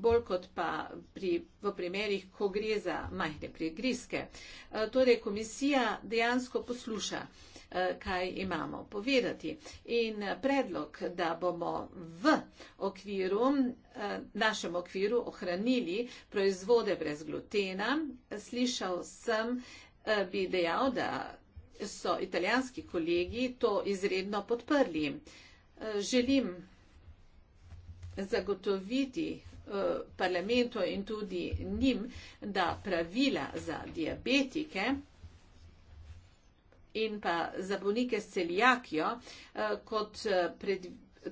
bolj kot pa pri, v primerih, ko gre za majhne prigrizke. Ehm, torej, komisija dejansko posluša. Eh, kaj imamo povedati. In eh, predlog, da bomo v okviru, eh, našem okviru ohranili proizvode brez glutena, slišal sem, bi dejal, da so italijanski kolegi to izredno podprli. Želim zagotoviti parlamentu in tudi njim, da pravila za diabetike in pa za bolnike s celijakijo, eh, kot eh, pred,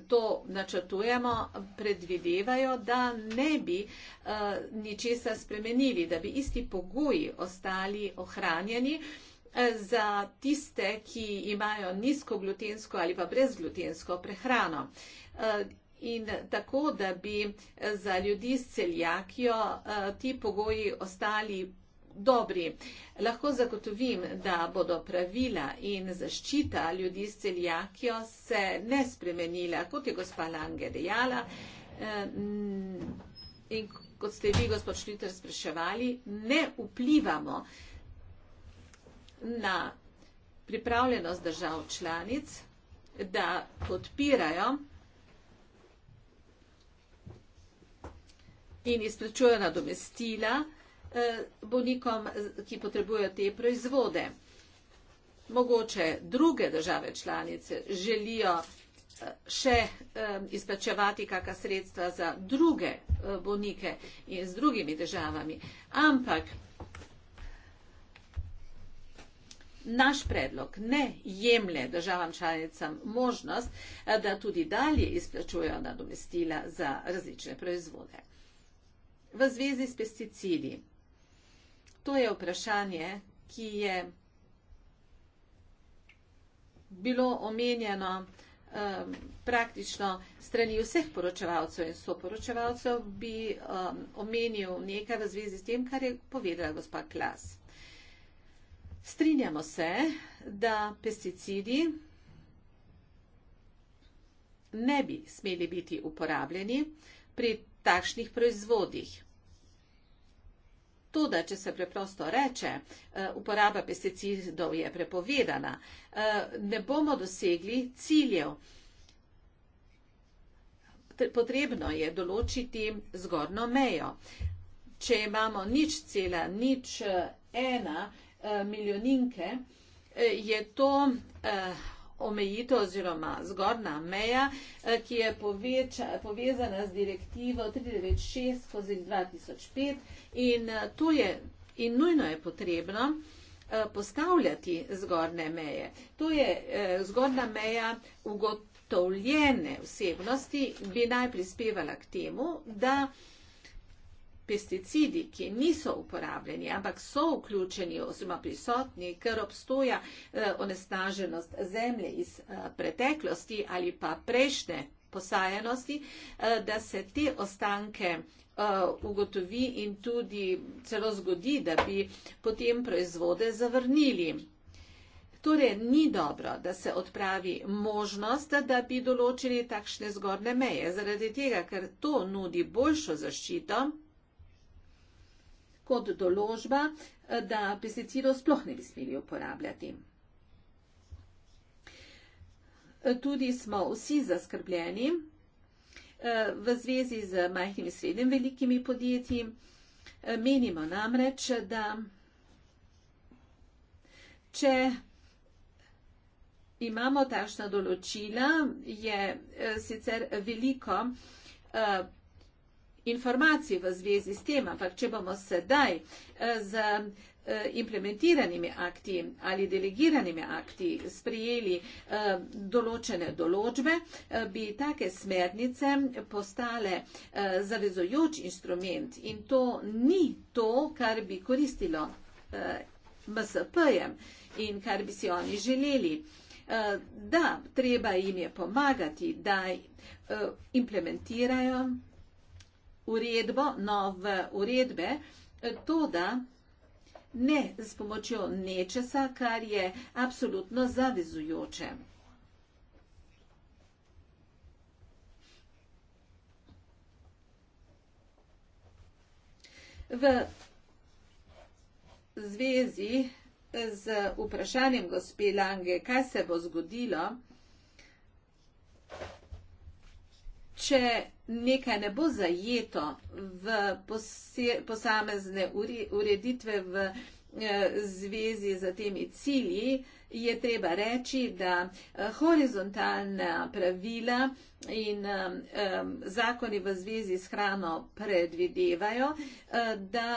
to načrtujemo, predvidevajo, da ne bi eh, ničesa spremenili, da bi isti pogoji ostali ohranjeni. Za tiste, ki imajo nizkoglutensko ali pa brezglutensko prehrano. In tako, da bi za ljudi s celjakijo ti pogoji ostali dobri. Lahko zagotovim, da bodo pravila in zaščita ljudi s celjakijo se ne spremenila, kot je gospa Lange dejala. Eh, in kot ste vi, gospod Šliter, spraševali, ne vplivamo na pripravljenost držav članic, da podpirajo in izplačujo nadomestila, Eh, bolnikom, ki potrebujejo te proizvode. Mogoče druge države članice želijo eh, še eh, izplačevati kakšna sredstva za druge bolnike in z drugimi državami. Ampak naš predlog ne jemlje državam članicam možnost, da tudi dalje izplačujejo nadomestila za različne proizvode. V zvezi s pesticidi. To je vprašanje, ki je bilo omenjeno um, praktično strani vseh poročevalcev in soporočevalcev, bi um, omenil nekaj v zvezi s tem, kar je povedala gospa Klas. Strinjamo se, da pesticidi ne bi smeli biti uporabljeni pri takšnih proizvodih. Tudi, če se preprosto reče, eh, uporaba pesticidov je prepovedana, eh, ne bomo dosegli ciljev. Potrebno je določiti zgornjo mejo. Če imamo nič cela, nič eh, ena milijoninke, je to omejitev oziroma zgornja meja, eh, ki je poveča, povezana z direktivo 396 skozi 2005 in eh, to je in nujno je potrebno eh, postavljati zgornje meje. To je zgornja meja ugotovljene vsebnosti, bi naj prispevala k temu, da pesticidi, ki niso uporabljeni, ampak so vključeni oziroma prisotni, ker obstoja eh, onesnaženost zemlje iz eh, preteklosti ali pa prejšnje posajenosti, eh, da se te ostanke ugotovi in tudi celo zgodi, da bi potem proizvode zavrnili. Torej, ni dobro, da se odpravi možnost, da bi določili takšne zgornje meje, zaradi tega, ker to nudi boljšo zaščito kot določba, eh, da pesticidov sploh ne bi smeli uporabljati. Eh, tudi smo vsi zaskrbljeni eh, v zvezi z majhnimi srednjim velikimi podjetji. Menimo namreč, da če imamo takšna določila, je sicer veliko informacij v zvezi s tem, ampak če bomo sedaj eh, z eh, implementiranimi akti ali delegiranimi akti sprijeli eh, določene določbe, bi take smernice postale zavezojoč instrument in to ni to, kar bi koristilo MSP-jem in kar bi si oni želeli. Da, treba jim je pomagati, da implementirajo uredbo, nove uredbe, to da ne s pomočjo nečesa, kar je absolutno zavezujoče. V zvezi z vprašanjem gospe Lange, kaj se bo zgodilo, če nekaj ne bo zajeto v posamezne ureditve v eh, zvezi z temi cilji, je treba reči, da eh, horizontalna pravila in eh, zakoni v zvezi s hrano predvidevajo, da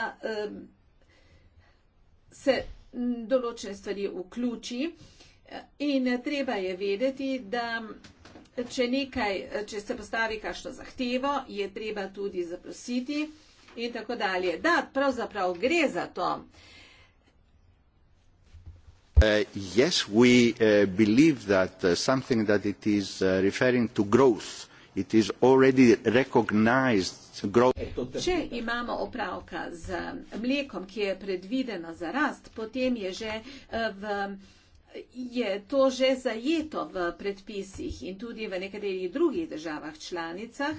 se določene stvari vključi in treba je vedeti, da če, nekaj, če se postavi kakšno zahtevo, je treba tudi zaprositi in tako dalje. Da, pravzaprav gre za to. Uh, yes, we uh, believe that uh, something that it is uh, referring to growth, it is already recognized growth. Če imamo opravka z mlekom, ki je predvideno za rast, potem je že uh, v je to že zajeto v predpisih in tudi v nekaterih drugih državah članicah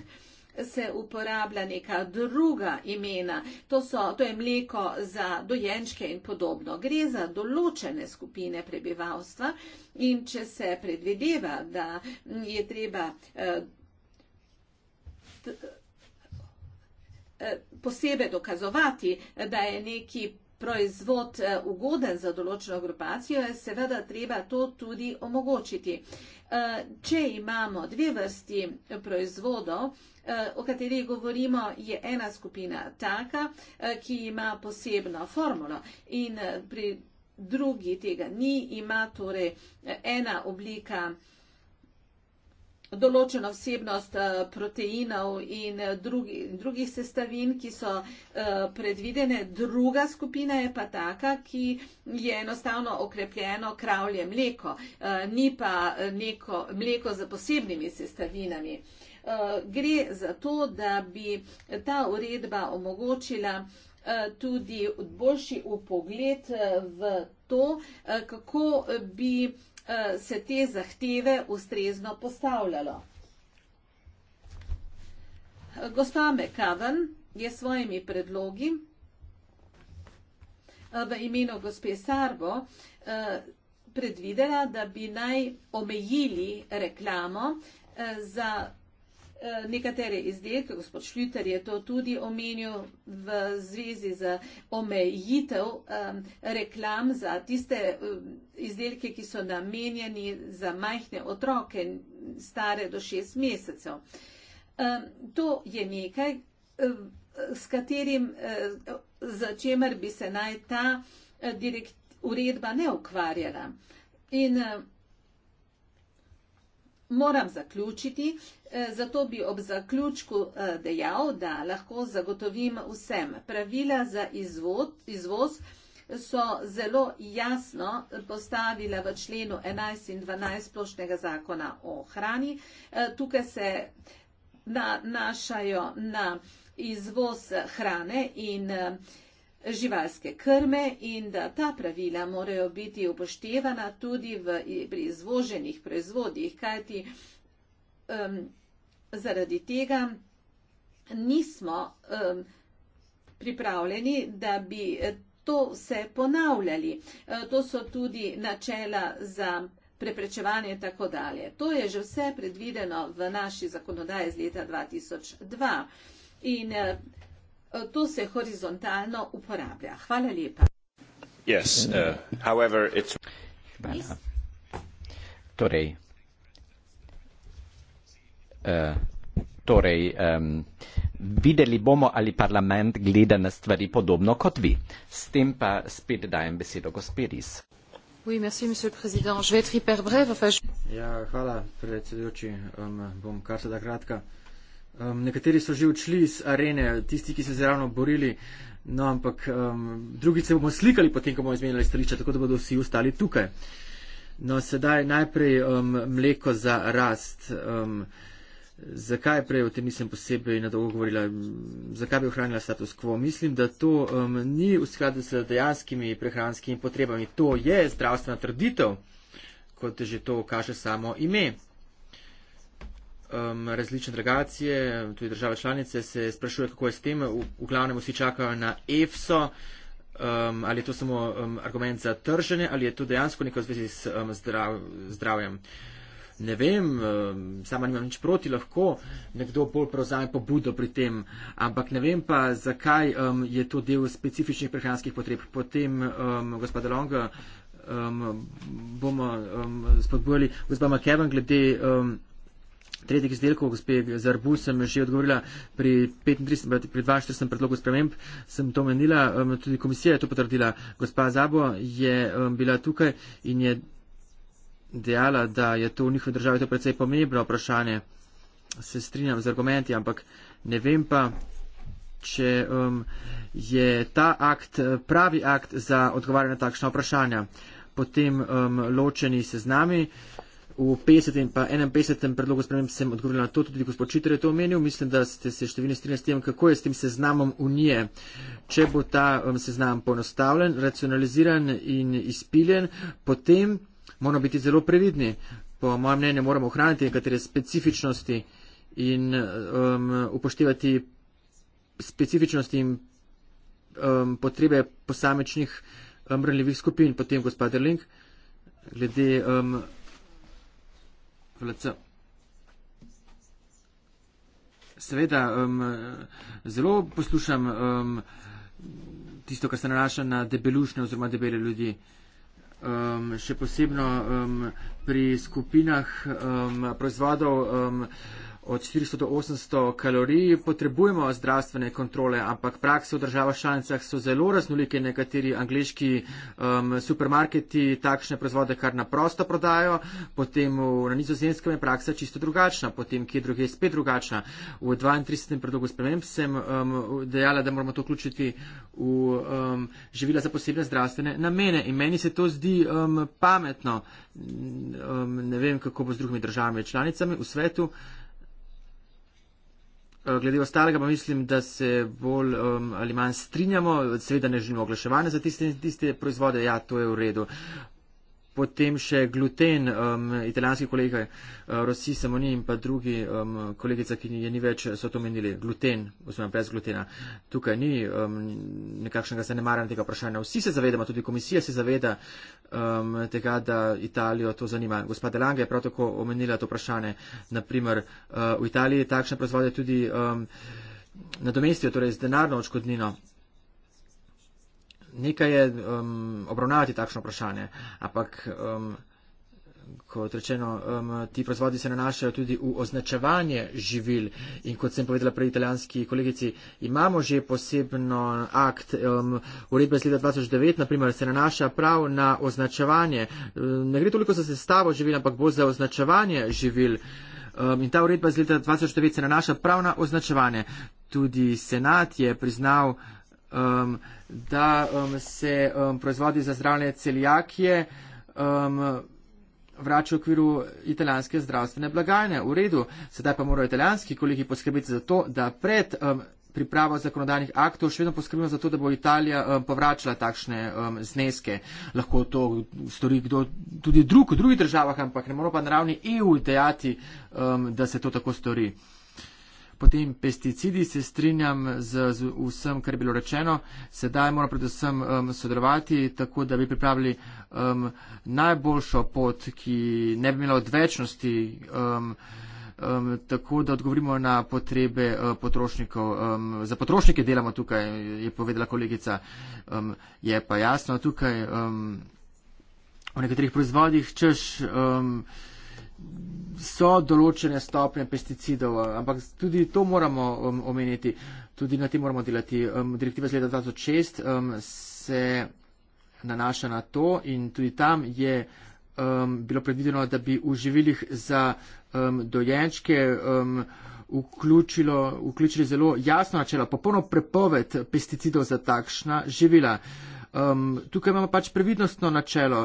se uporablja neka druga imena. To, so, to je mleko za dojenčke in podobno. Gre za določene skupine prebivalstva in če se predvideva, da je treba eh, eh, posebej dokazovati, da je neki proizvod eh, ugoden za določeno grupacijo, je seveda treba to tudi omogočiti. Eh, če imamo dve vrsti proizvodov, eh, o katerih govorimo, je ena skupina taka, ki ima posebno formulo in pri drugi tega ni, ima torej ena oblika proizvodov, določeno vsebnost eh, proteinov in eh, drugi, drugih sestavin, ki so eh, predvidene. Druga skupina je pa taka, ki je enostavno okrepljeno kravlje mleko, ni pa neko mleko z posebnimi sestavinami. Gre za to, da bi ta uredba omogočila tudi boljši upogled v to, kako bi Eh, se te zahteve ustrezno postavljalo. Gospa Mekaven je svojimi predlogi eh, v imenu gospe Sarbo eh, predvidela, da bi naj omejili reklamo za Eh, nekatere izdelke, gospod Šljuter je to tudi omenil v zvezi z omejitev reklam za tiste eh, izdelke, ki so namenjeni za majhne otroke, stare do šest mesecev. To je nekaj, eh, s katerim, za čemer bi se naj ta direkt, uredba ne ukvarjala. In moram zaključiti, Eh, zato bi ob zaključku eh, dejal, da lahko zagotovim vsem. Pravila za izvod, izvoz so zelo jasno postavila v členu 11 in 12 splošnega zakona o hrani. Eh, tukaj se nanašajo na izvoz hrane in živalske krme in da ta pravila morajo biti upoštevana tudi v, pri izvoženih proizvodih, kajti eh, um, zaradi tega nismo um, pripravljeni, da bi eh, to vse ponavljali. Eh, to so tudi načela za preprečevanje in tako dalje. To je že vse predvideno v naši zakonodaji iz leta 2002 in eh, to se horizontalno uporablja. Hvala lepa. Yes, uh, however, it's... Hvala. Torej, Eh, torej, um, videli bomo, ali parlament gleda na stvari podobno kot vi. S tem pa spet dajem besedo gospodis. Oui, merci, monsieur le président. Je vais être hyper bref. Enfin, je... Ja, hvala, predsedujoči. Um, bom kar se da kratka. Um, nekateri so že odšli iz arene, tisti, ki so se ravno borili, no ampak um, drugi se bomo slikali potem, ko bomo izmenjali stališča, tako da bodo vsi ostali tukaj. No, sedaj najprej um, mleko za rast. Um, Zakaj prej o tem nisem posebej na dolgo govorila, zakaj bi ohranila status quo? Mislim, da to um, ni v skladu s dejanskimi prehranskimi potrebami. To je zdravstvena trditev, kot že to kaže samo ime. Um, različne dragacije, tudi države članice se sprašuje, kako je s tem. V, v glavnem vsi čakajo na EFSO. Um, ali je to samo um, argument za trženje, ali je to dejansko neko v zvezi s um, zdrav, zdravjem ne vem, ehm, sama nimam nič proti, lahko nekdo bolj prevzame pobudo pri tem, ampak ne vem pa, zakaj um, je to del specifičnih prehranskih potreb. Potem, um, ehm, gospod Long, um, bomo um, spodbojali gospod McKevin glede. Um, Tretjih izdelkov, gospe Zarbu, sem že odgovorila pri 35, pri 42 predlogu sprememb, sem to menila, tudi komisija je to potrdila. Gospa Zabo je bila tukaj in je dejala, da je to v njihovi državi to precej pomembno vprašanje. Se strinjam z argumenti, ampak ne vem pa, če um, je ta akt eh, pravi akt za odgovarjanje na takšna vprašanja. Potem um, ločeni se z nami. V 50. in pa 51. predlogu sprememb sem odgovorila na to, tudi gospod Čitr je to omenil. Mislim, da ste se številni strinjali s tem, kako je s tem seznamom unije. Če bo ta um, seznam ponostavljen, racionaliziran in izpiljen, potem moramo biti zelo previdni. Po mojem mnenju moramo ohraniti nekatere specifičnosti in um, upoštevati specifičnosti in um, potrebe posamečnih mrljivih um, skupin. Potem gospod Erling, glede um, VLC. Seveda, um, zelo poslušam um, tisto, kar se nanaša na debelušne oziroma debele ljudi um, še posebno um, pri skupinah um, proizvodov um, uh, od 400 do 800 kalorij potrebujemo zdravstvene kontrole, ampak prakse v državah članicah so zelo raznolike. Nekateri angliški um, supermarketi takšne proizvode kar naprosto prodajo, potem v, na nizozemskem je praksa čisto drugačna, potem kje druge je spet drugačna. V 32. predlogu sprememb sem um, dejala, da moramo to vključiti v um, živila za posebne zdravstvene namene in meni se to zdi um, pametno. Um, ne vem, kako bo z drugimi državami članicami v svetu. Eh, glede ostalega pa mislim, da se bolj um, ali manj strinjamo, seveda ne želimo oglaševanja za tiste, tiste proizvode, ja, to je v redu potem še gluten, um, italijanski kolega uh, Rossi Samoni in pa drugi um, kolegica, ki je ni več, so to menili, gluten, oziroma brez glutena. Tukaj ni um, nekakšnega zanemaranja tega vprašanja. Vsi se zavedamo, tudi komisija se zaveda um, tega, da Italijo to zanima. Gospa Delange je prav tako omenila to vprašanje. Naprimer, uh, v Italiji takšne proizvode tudi um, nadomestijo, torej z denarno očkodnino nekaj je um, obravnavati takšno vprašanje, ampak um, kot rečeno, um, ti proizvodi se nanašajo tudi v označevanje živil in kot sem povedala prej italijanski kolegici, imamo že posebno akt um, uredbe z leta 2009, naprimer se nanaša prav na označevanje. Um, ne gre toliko za sestavo živil, ampak bolj za označevanje živil. Um, in ta uredba z leta 2009 se nanaša prav na označevanje. Tudi senat je priznal, um, da um, se um, proizvodi za zdravljenje celjakije um, vrača v okviru italijanske zdravstvene blagajne. V redu, sedaj pa morajo italijanski kolegi poskrbeti za to, da pred. Um, pripravo zakonodajnih aktov, še vedno poskrbimo za to, da bo Italija um, povračala takšne um, zneske. Lahko to stori kdo tudi drug v drugih državah, ampak ne moramo pa na ravni EU dejati, um, da se to tako stori. Potem pesticidi se strinjam z, z vsem, kar je bilo rečeno. Sedaj moramo predvsem um, sodelovati, tako da bi pripravili um, najboljšo pot, ki ne bi imela odvečnosti, um, um, tako da odgovorimo na potrebe uh, potrošnikov. Um, za potrošnike delamo tukaj, je povedala kolegica. Um, je pa jasno tukaj um, v nekaterih proizvodih, češ. Um, so določene stopnje pesticidov, ampak tudi to moramo um, omeniti, tudi na tem moramo delati. Um, direktiva z leta 2006 um, se nanaša na to in tudi tam je um, bilo predvideno, da bi v živilih za um, dojenčke um, vključilo, vključili zelo jasno načelo, popolno prepoved pesticidov za takšna živila. Um, Um, tukaj imamo pač previdnostno načelo.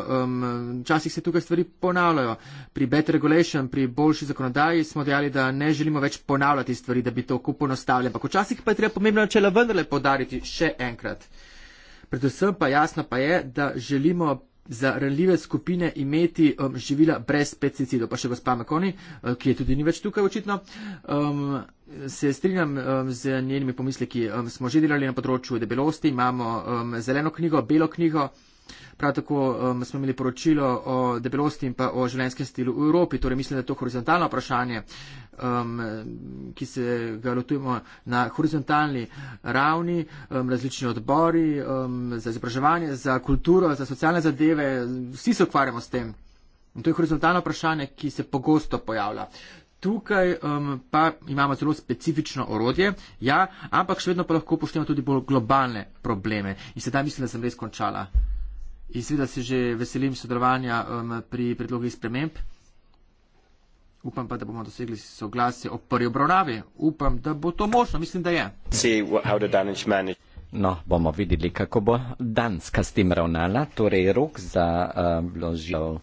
Včasih um, se tukaj stvari ponavljajo. Pri better regulation, pri boljši zakonodaji smo dejali, da ne želimo več ponavljati stvari, da bi to kupo nastavili. Ampak včasih pa je treba pomembno načelo vendarle podariti še enkrat. Predvsem pa jasno pa je, da želimo za ranljive skupine imeti um, živila brez pesticidov. Pa še gospa Makoni, uh, ki je tudi ni več tukaj očitno. Um, se strinjam um, z njenimi pomisleki. Um, smo že delali na področju debelosti, imamo um, zeleno knjigo, belo knjigo. Prav tako um, smo imeli poročilo o debelosti in pa o življenjskem stilu v Evropi, torej mislim, da je to horizontalno vprašanje, um, ki se ga lotujemo na horizontalni ravni, um, različni odbori um, za izobraževanje, za kulturo, za socialne zadeve, vsi se ukvarjamo s tem. In to je horizontalno vprašanje, ki se pogosto pojavlja. Tukaj um, pa imamo zelo specifično orodje, ja, ampak še vedno pa lahko upoštevamo tudi bolj globalne probleme. In sedaj mislim, da sem res končala in seveda se že veselim sodelovanja um, pri predlogi sprememb. Upam pa, da bomo dosegli soglasje o prvi obravnavi. Upam, da bo to možno. Mislim, da je. No, bomo videli, kako bo Danska s tim ravnala. Torej, rok za um, vložitev uh,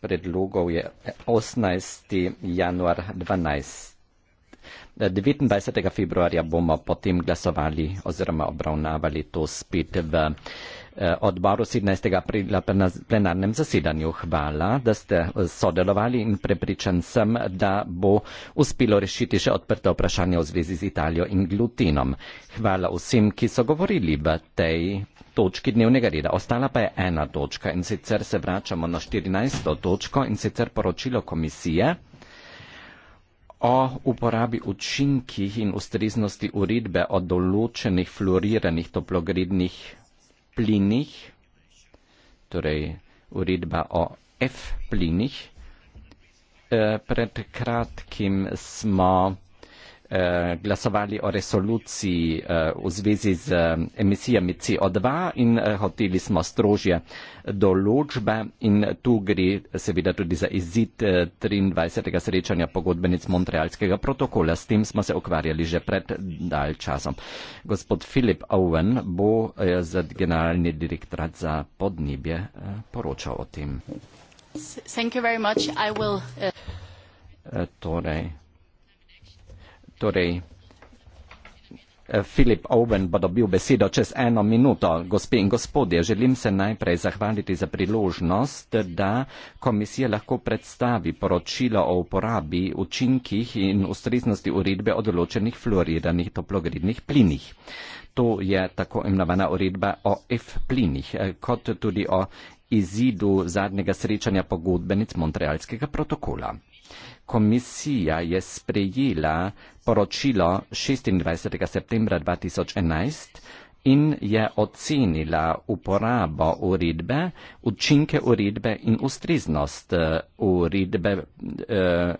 predlogov je 18. januar 12. 29. februarja bomo potem glasovali oziroma obravnavali to spet v. Uh, Eh, odboru 17. aprila na plenarnem zasedanju. Hvala, da ste eh, sodelovali in prepričan sem, da bo uspelo rešiti še odprte vprašanje v zvezi z Italijo in glutinom. Hvala vsem, ki so govorili v tej točki dnevnega reda. Ostala pa je ena točka in sicer se vračamo na 14. točko in sicer poročilo komisije o uporabi učinkih in ustreznosti uredbe o določenih fluoriranih toplogrednih plinih, torej uredba o F plinih. Eh, pred kratkim smo Eh, glasovali o resoluciji eh, v zvezi z eh, emisijami CO2 in hoteli smo strožje določbe in tu gre seveda tudi za izid 23. srečanja pogodbenic Montrealskega protokola. S tem smo se ukvarjali že pred dalj časom. Gospod Filip Owen bo z generalni direktorat za podnebje poročal o tem. Thank you very much. I will, uh... Torej, Torej, Filip eh, Owen bo dobil besedo čez eno minuto. Gospe in gospodje, želim se najprej zahvaliti za priložnost, da komisija lahko predstavi poročilo o uporabi, učinkih in ustreznosti uredbe o določenih fluoriranih toplogrednih plinih. To je tako imenovana uredba o F-plinih, eh, kot tudi o izidu zadnjega srečanja pogodbenic Montrealskega protokola. Komisija je sprejela poročilo 26. septembra 2011 in je ocenila uporabo uredbe, učinke uredbe in ustreznost eh, uredbe uh,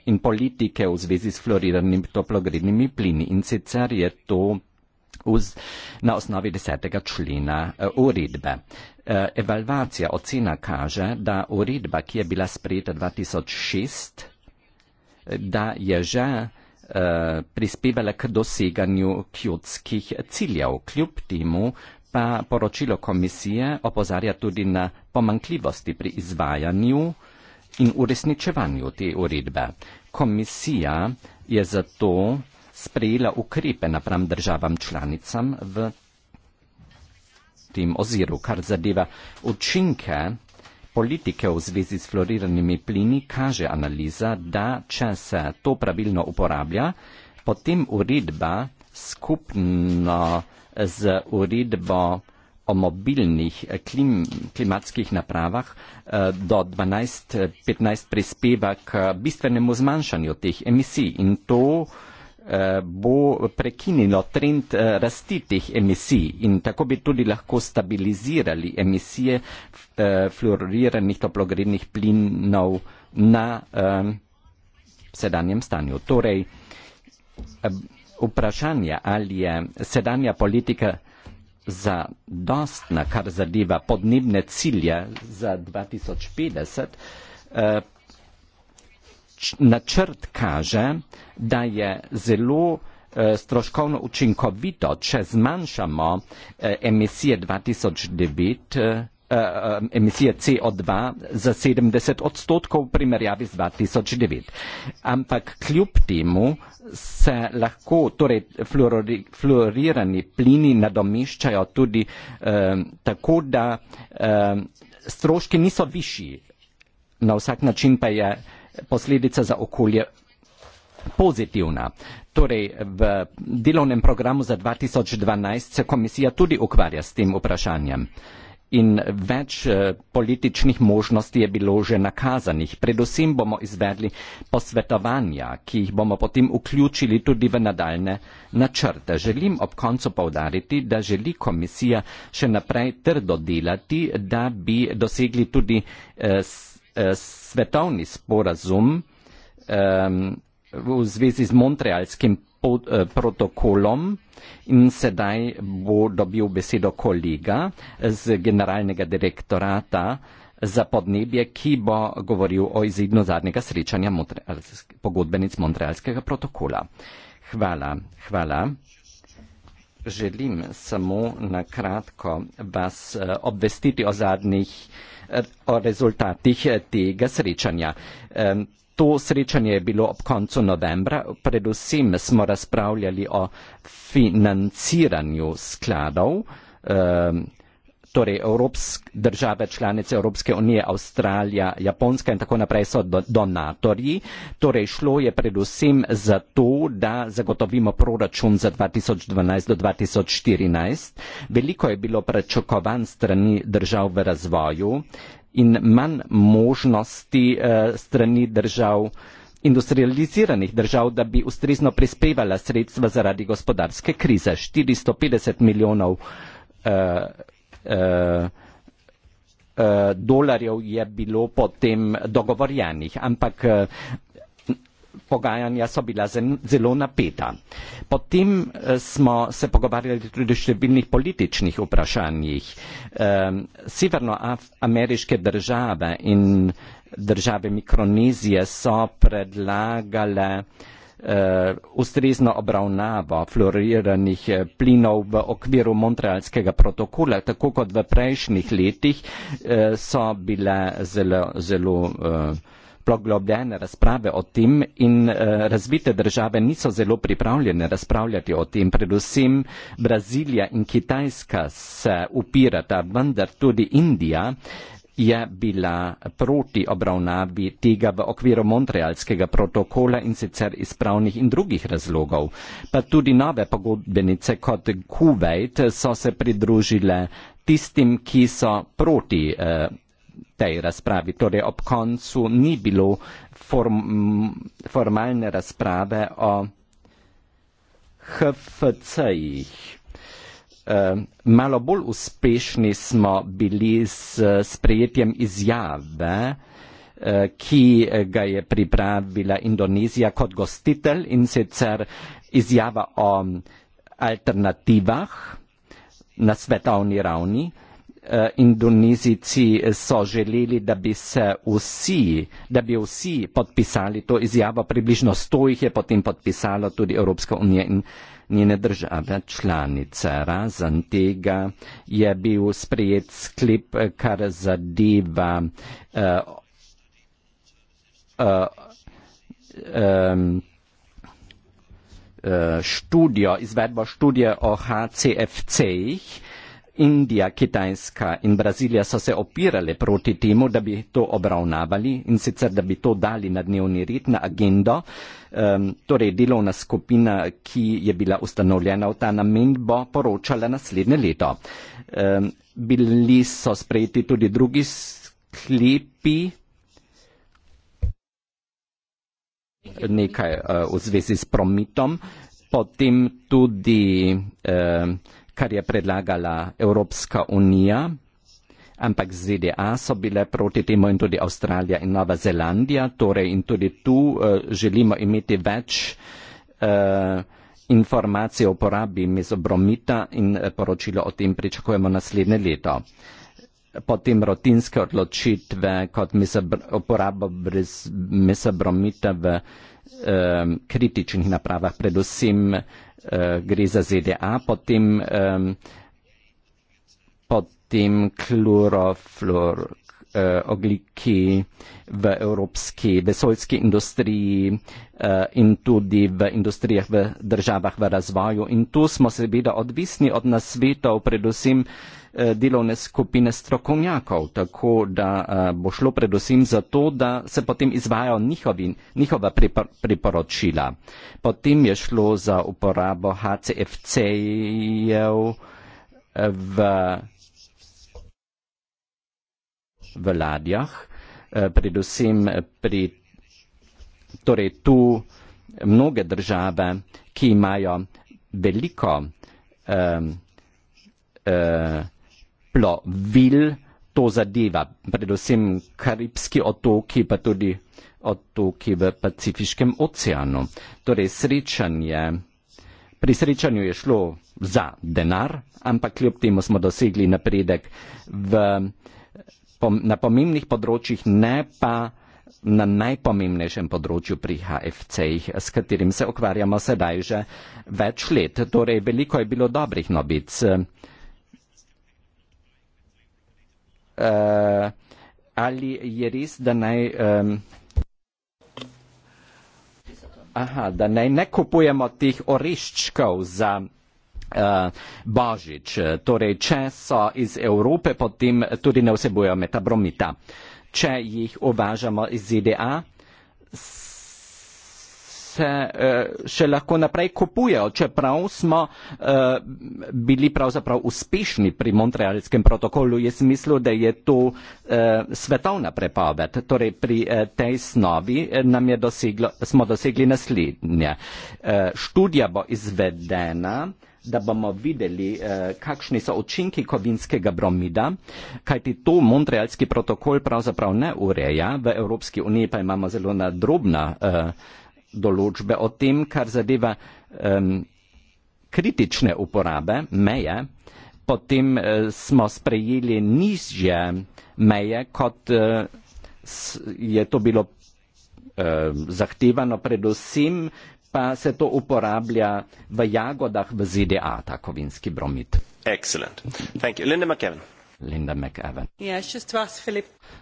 in politike v zvezi s floriranimi toplogrednimi plini. In sicer je to uz, na osnovi desetega člena uh, uredbe. Uh, evalvacija ocena kaže, da uredba, ki je bila sprejeta 2006, da je že eh, prispevala k doseganju kjotskih ciljev. Kljub temu pa poročilo komisije opozarja tudi na pomankljivosti pri izvajanju in uresničevanju te uredbe. Komisija je zato sprejela ukrepe napram državam članicam v tem oziru, kar zadeva učinke politike v zvezi s floriranimi plini kaže analiza, da če se to pravilno uporablja, potem uredba skupno z uredbo o mobilnih klim, klimatskih napravah eh, do 12-15 prispeva k bistvenemu zmanjšanju teh emisij in to uh, Eh, bo prekinilo trend eh, rasti teh emisij in tako bi tudi lahko stabilizirali emisije eh, fluoriranih toplogrednih plinov na sedanjem stanju. Torej, vprašanje, ali je sedanja politika za dostna, kar zadeva podnebne cilje za 2050, načrt kaže, da je zelo eh, stroškovno učinkovito, če zmanjšamo eh, emisije 2009, eh, emisije CO2 za 70 odstotkov v primerjavi z 2009. Ampak kljub temu se lahko, torej fluorirani plini nadomeščajo tudi eh, tako, da eh, stroški niso višji. Na vsak način pa je eh, posledica za okolje pozitivna. Torej, v delovnem programu za 2012 se komisija tudi ukvarja s tem vprašanjem. In več eh, političnih možnosti je bilo že nakazanih. Predvsem bomo izvedli posvetovanja, ki jih bomo potem vključili tudi v nadaljne načrte. Želim ob koncu povdariti, da želi komisija še naprej trdo delati, da bi dosegli tudi eh, s, eh, s, svetovni sporazum um, v zvezi z Montrealskim pod, uh, eh, protokolom in sedaj bo dobil besedo kolega z generalnega direktorata za podnebje, ki bo govoril o izidno zadnjega srečanja pogodbenic Montrealskega protokola. Hvala, hvala. Želim samo na kratko vas eh, obvestiti o zadnjih uh, o rezultatih eh, tega srečanja. To srečanje je bilo ob koncu novembra. Predvsem smo razpravljali o financiranju skladov torej Evropsk, države članice Evropske unije, Avstralija, Japonska in tako naprej so donatorji. Torej šlo je predvsem za to, da zagotovimo proračun za 2012 do 2014. Veliko je bilo prečakovan strani držav v razvoju in manj možnosti eh, strani držav industrializiranih držav, da bi ustrezno prispevala sredstva zaradi gospodarske krize. 450 milijonov eh, Eh, eh, dolarjev je bilo potem dogovorjenih, ampak eh, pogajanja so bila zelo napeta. Potem smo se pogovarjali tudi o številnih političnih vprašanjih. Severnoameriške države in države Mikronezije so predlagale uh, Eh, ustrezno obravnavo floriranih eh, plinov v okviru Montrealskega protokola, tako kot v prejšnjih letih eh, so bile zelo, zelo poglobljene razprave o tem in razvite države niso zelo pripravljene razpravljati o tem. Predvsem Brazilija in Kitajska se upirata, vendar tudi Indija je bila proti obravnavi tega v okviru Montrealskega protokola in sicer iz pravnih in drugih razlogov. Pa tudi nove pogodbenice kot Kuwait so se pridružile tistim, ki so proti eh, tej razpravi. Torej ob koncu ni bilo form, formalne razprave o HFC-jih. Eh, malo bolj uspešni smo bili s sprejetjem izjave, eh, ki ga je pripravila Indonezija kot gostitelj in sicer izjava o alternativah na svetovni ravni. Eh, Indonezijci so želeli, da bi se vsi, da bi vsi podpisali to izjavo, približno sto jih je potem podpisalo tudi Evropska unija in njene države članice. Razen tega je bil sprejet sklep, kar zadeva uh, um, študijo, izvedbo študije o HCFC-jih. Indija, Kitajska in Brazilija so se opirale proti temu, da bi to obravnavali in sicer, da bi to dali na dnevni red, na agendo. Um, torej, delovna skupina, ki je bila ustanovljena v ta namen, bo poročala naslednje leto. Um, bili so sprejeti tudi drugi sklepi. Nekaj uh, v zvezi s prometom, potem tudi uh, kar je predlagala Evropska unija, ampak ZDA so bile proti temu in tudi Avstralija in Nova Zelandija, torej in tudi tu uh, želimo imeti več uh, eh, informacije o porabi mezobromita in eh, poročilo o tem pričakujemo naslednje leto. Potem rutinske odločitve kot uporabo mesobromita v eh, kritičnih napravah, predvsem uh, gre za ZDA, potem, um, potem klorofluor uh, eh, ogliki v evropski vesoljski industriji uh, in tudi v industrijah v državah v razvoju. In tu smo seveda odvisni od nasvetov, predvsem uh, Eh, delovne skupine strokovnjakov, tako da eh, bo šlo predvsem za to, da se potem izvajo njihovi, njihova priporočila. Potem je šlo za uporabo HCFC-jev v, v ladjah, eh, predvsem pri torej tu mnoge države, ki imajo veliko um, plo vil, to zadeva predvsem Karibski otoki, pa tudi otoki v Pacifiškem oceanu. Torej, srečanje, pri srečanju je šlo za denar, ampak kljub temu smo dosegli napredek v, na pomembnih področjih, ne pa na najpomembnejšem področju pri HFC-jih, s katerim se okvarjamo sedaj že več let. Torej, veliko je bilo dobrih novic. uh, ali je res, da naj. Um, aha, da naj ne kupujemo teh oreščkov za. Uh, božič, torej, če so iz Evrope, potem tudi ne vsebujejo metabromita. Če jih uvažamo iz ZDA, se uh, še lahko naprej kupujejo, čeprav smo uh, bili pravzaprav uspešni pri Montrealskem protokolu. Jaz mislim, da je to uh, svetovna prepoved. Torej, pri uh, tej snovi nam je doseglo, smo dosegli naslednje. Uh, študija bo izvedena da bomo videli, eh, kakšni so učinki kovinskega bromida, kajti to montrealski protokol pravzaprav ne ureja, v Evropski uniji pa imamo zelo nadrobna eh, določbe o tem, kar zadeva um, kritične uporabe, meje, potem uh, smo sprejeli nižje meje, kot uh, s, je to bilo uh, zahtevano predvsem, pa se to uporablja v jagodah v ZDA, ta kovinski bromit. Excellent. Thank you. Linda McKevin. Linda McEwen. Yes, ja,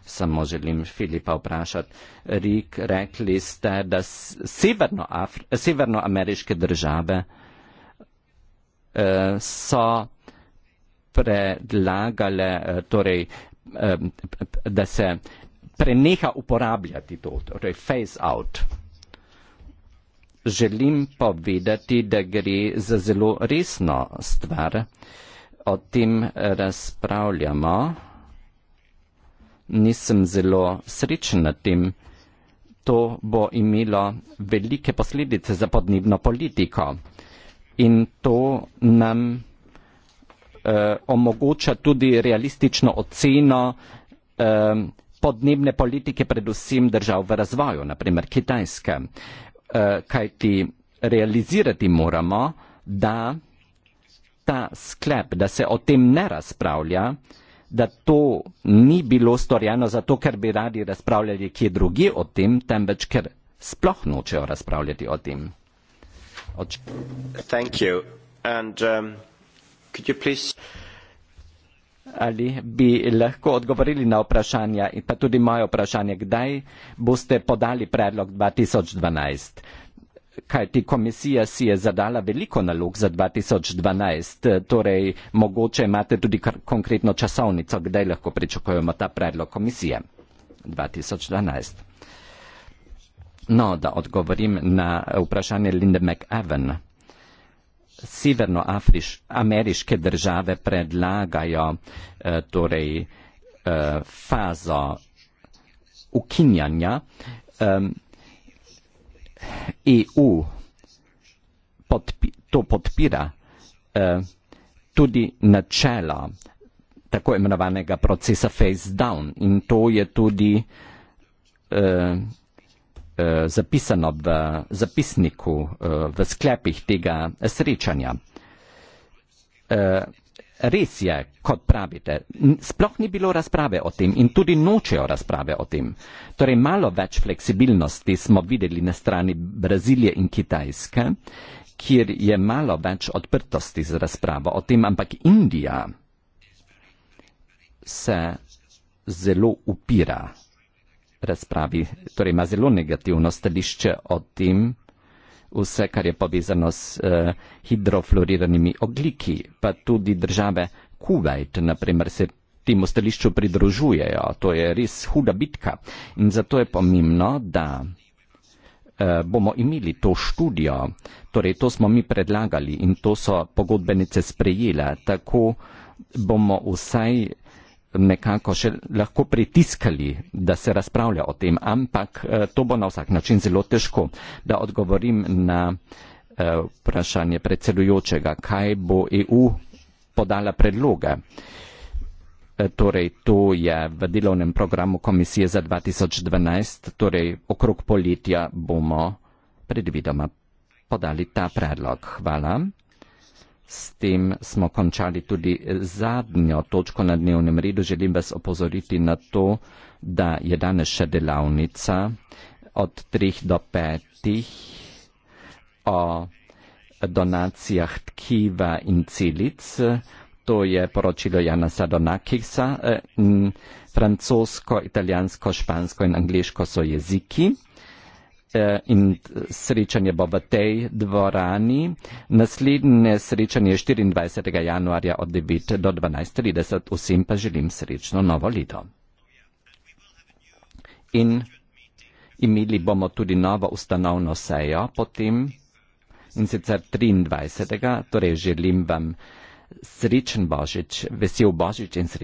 Samo želim Filipa vprašati. Rik, rekli ste, da severnoameriške države eh, so predlagale, eh, torej, eh, da se preneha uporabljati to, torej face out. Želim povedati, da gre za zelo resno stvar o tem razpravljamo. Nisem zelo srečen nad tem. To bo imelo velike posledice za podnebno politiko in to nam eh, omogoča tudi realistično oceno eh, podnebne politike predvsem držav v razvoju, naprimer Kitajske. Eh, kajti realizirati moramo, da ta sklep, da se o tem ne razpravlja, da to ni bilo storjeno zato, ker bi radi razpravljali kje drugi o tem, temveč ker sploh nočejo razpravljati o tem. Um, Ali bi lahko odgovorili na vprašanje in pa tudi moje vprašanje, kdaj boste podali predlog 2012? Kaj ti komisija si je zadala veliko nalog za 2012, torej mogoče imate tudi konkretno časovnico, kdaj lahko pričakujemo ta predlog komisije 2012. No, da odgovorim na vprašanje Linde McEwen. Severnoameriške države predlagajo eh, torej, eh, fazo ukinjanja. Eh, EU podpi, to podpira eh, tudi načelo tako imenovanega procesa face down in to je tudi eh, eh, zapisano v zapisniku, eh, v sklepih tega srečanja. Eh, res je, kot pravite, sploh ni bilo razprave o tem in tudi nočejo razprave o tem. Torej, malo več fleksibilnosti smo videli na strani Brazilije in Kitajske, kjer je malo več odprtosti z razpravo o tem, ampak Indija se zelo upira razpravi, torej ima zelo negativno stališče o tem, vse, kar je povezano s uh, hidrofluoriranimi ogliki, pa tudi države Kuwait, naprimer, se temu stališču pridružujejo. To je res huda bitka in zato je pomembno, da eh, bomo imeli to študijo, torej to smo mi predlagali in to so pogodbenice sprejele, tako bomo vsaj nekako še lahko pritiskali, da se razpravlja o tem, ampak eh, to bo na vsak način zelo težko, da odgovorim na eh, vprašanje predsedujočega, kaj bo EU podala predloge. Eh, torej, to je v delovnem programu komisije za 2012, torej okrog poletja bomo predvidoma podali ta predlog. Hvala. S tem smo končali tudi zadnjo točko na dnevnem redu. Želim vas opozoriti na to, da je danes še delavnica od 3 do 5 o donacijah tkiva in celic. To je poročilo Jana Sadonakisa. Eh, francosko, italijansko, špansko in angliško so jeziki. Eh, in srečanje bo v tej dvorani. Naslednje srečanje je 24. januarja od 9 do 12.30. Vsem pa želim srečno novo leto. In imeli bomo tudi novo ustanovno sejo potem in sicer 23. Torej želim vam srečen božič, vesel božič in srečen.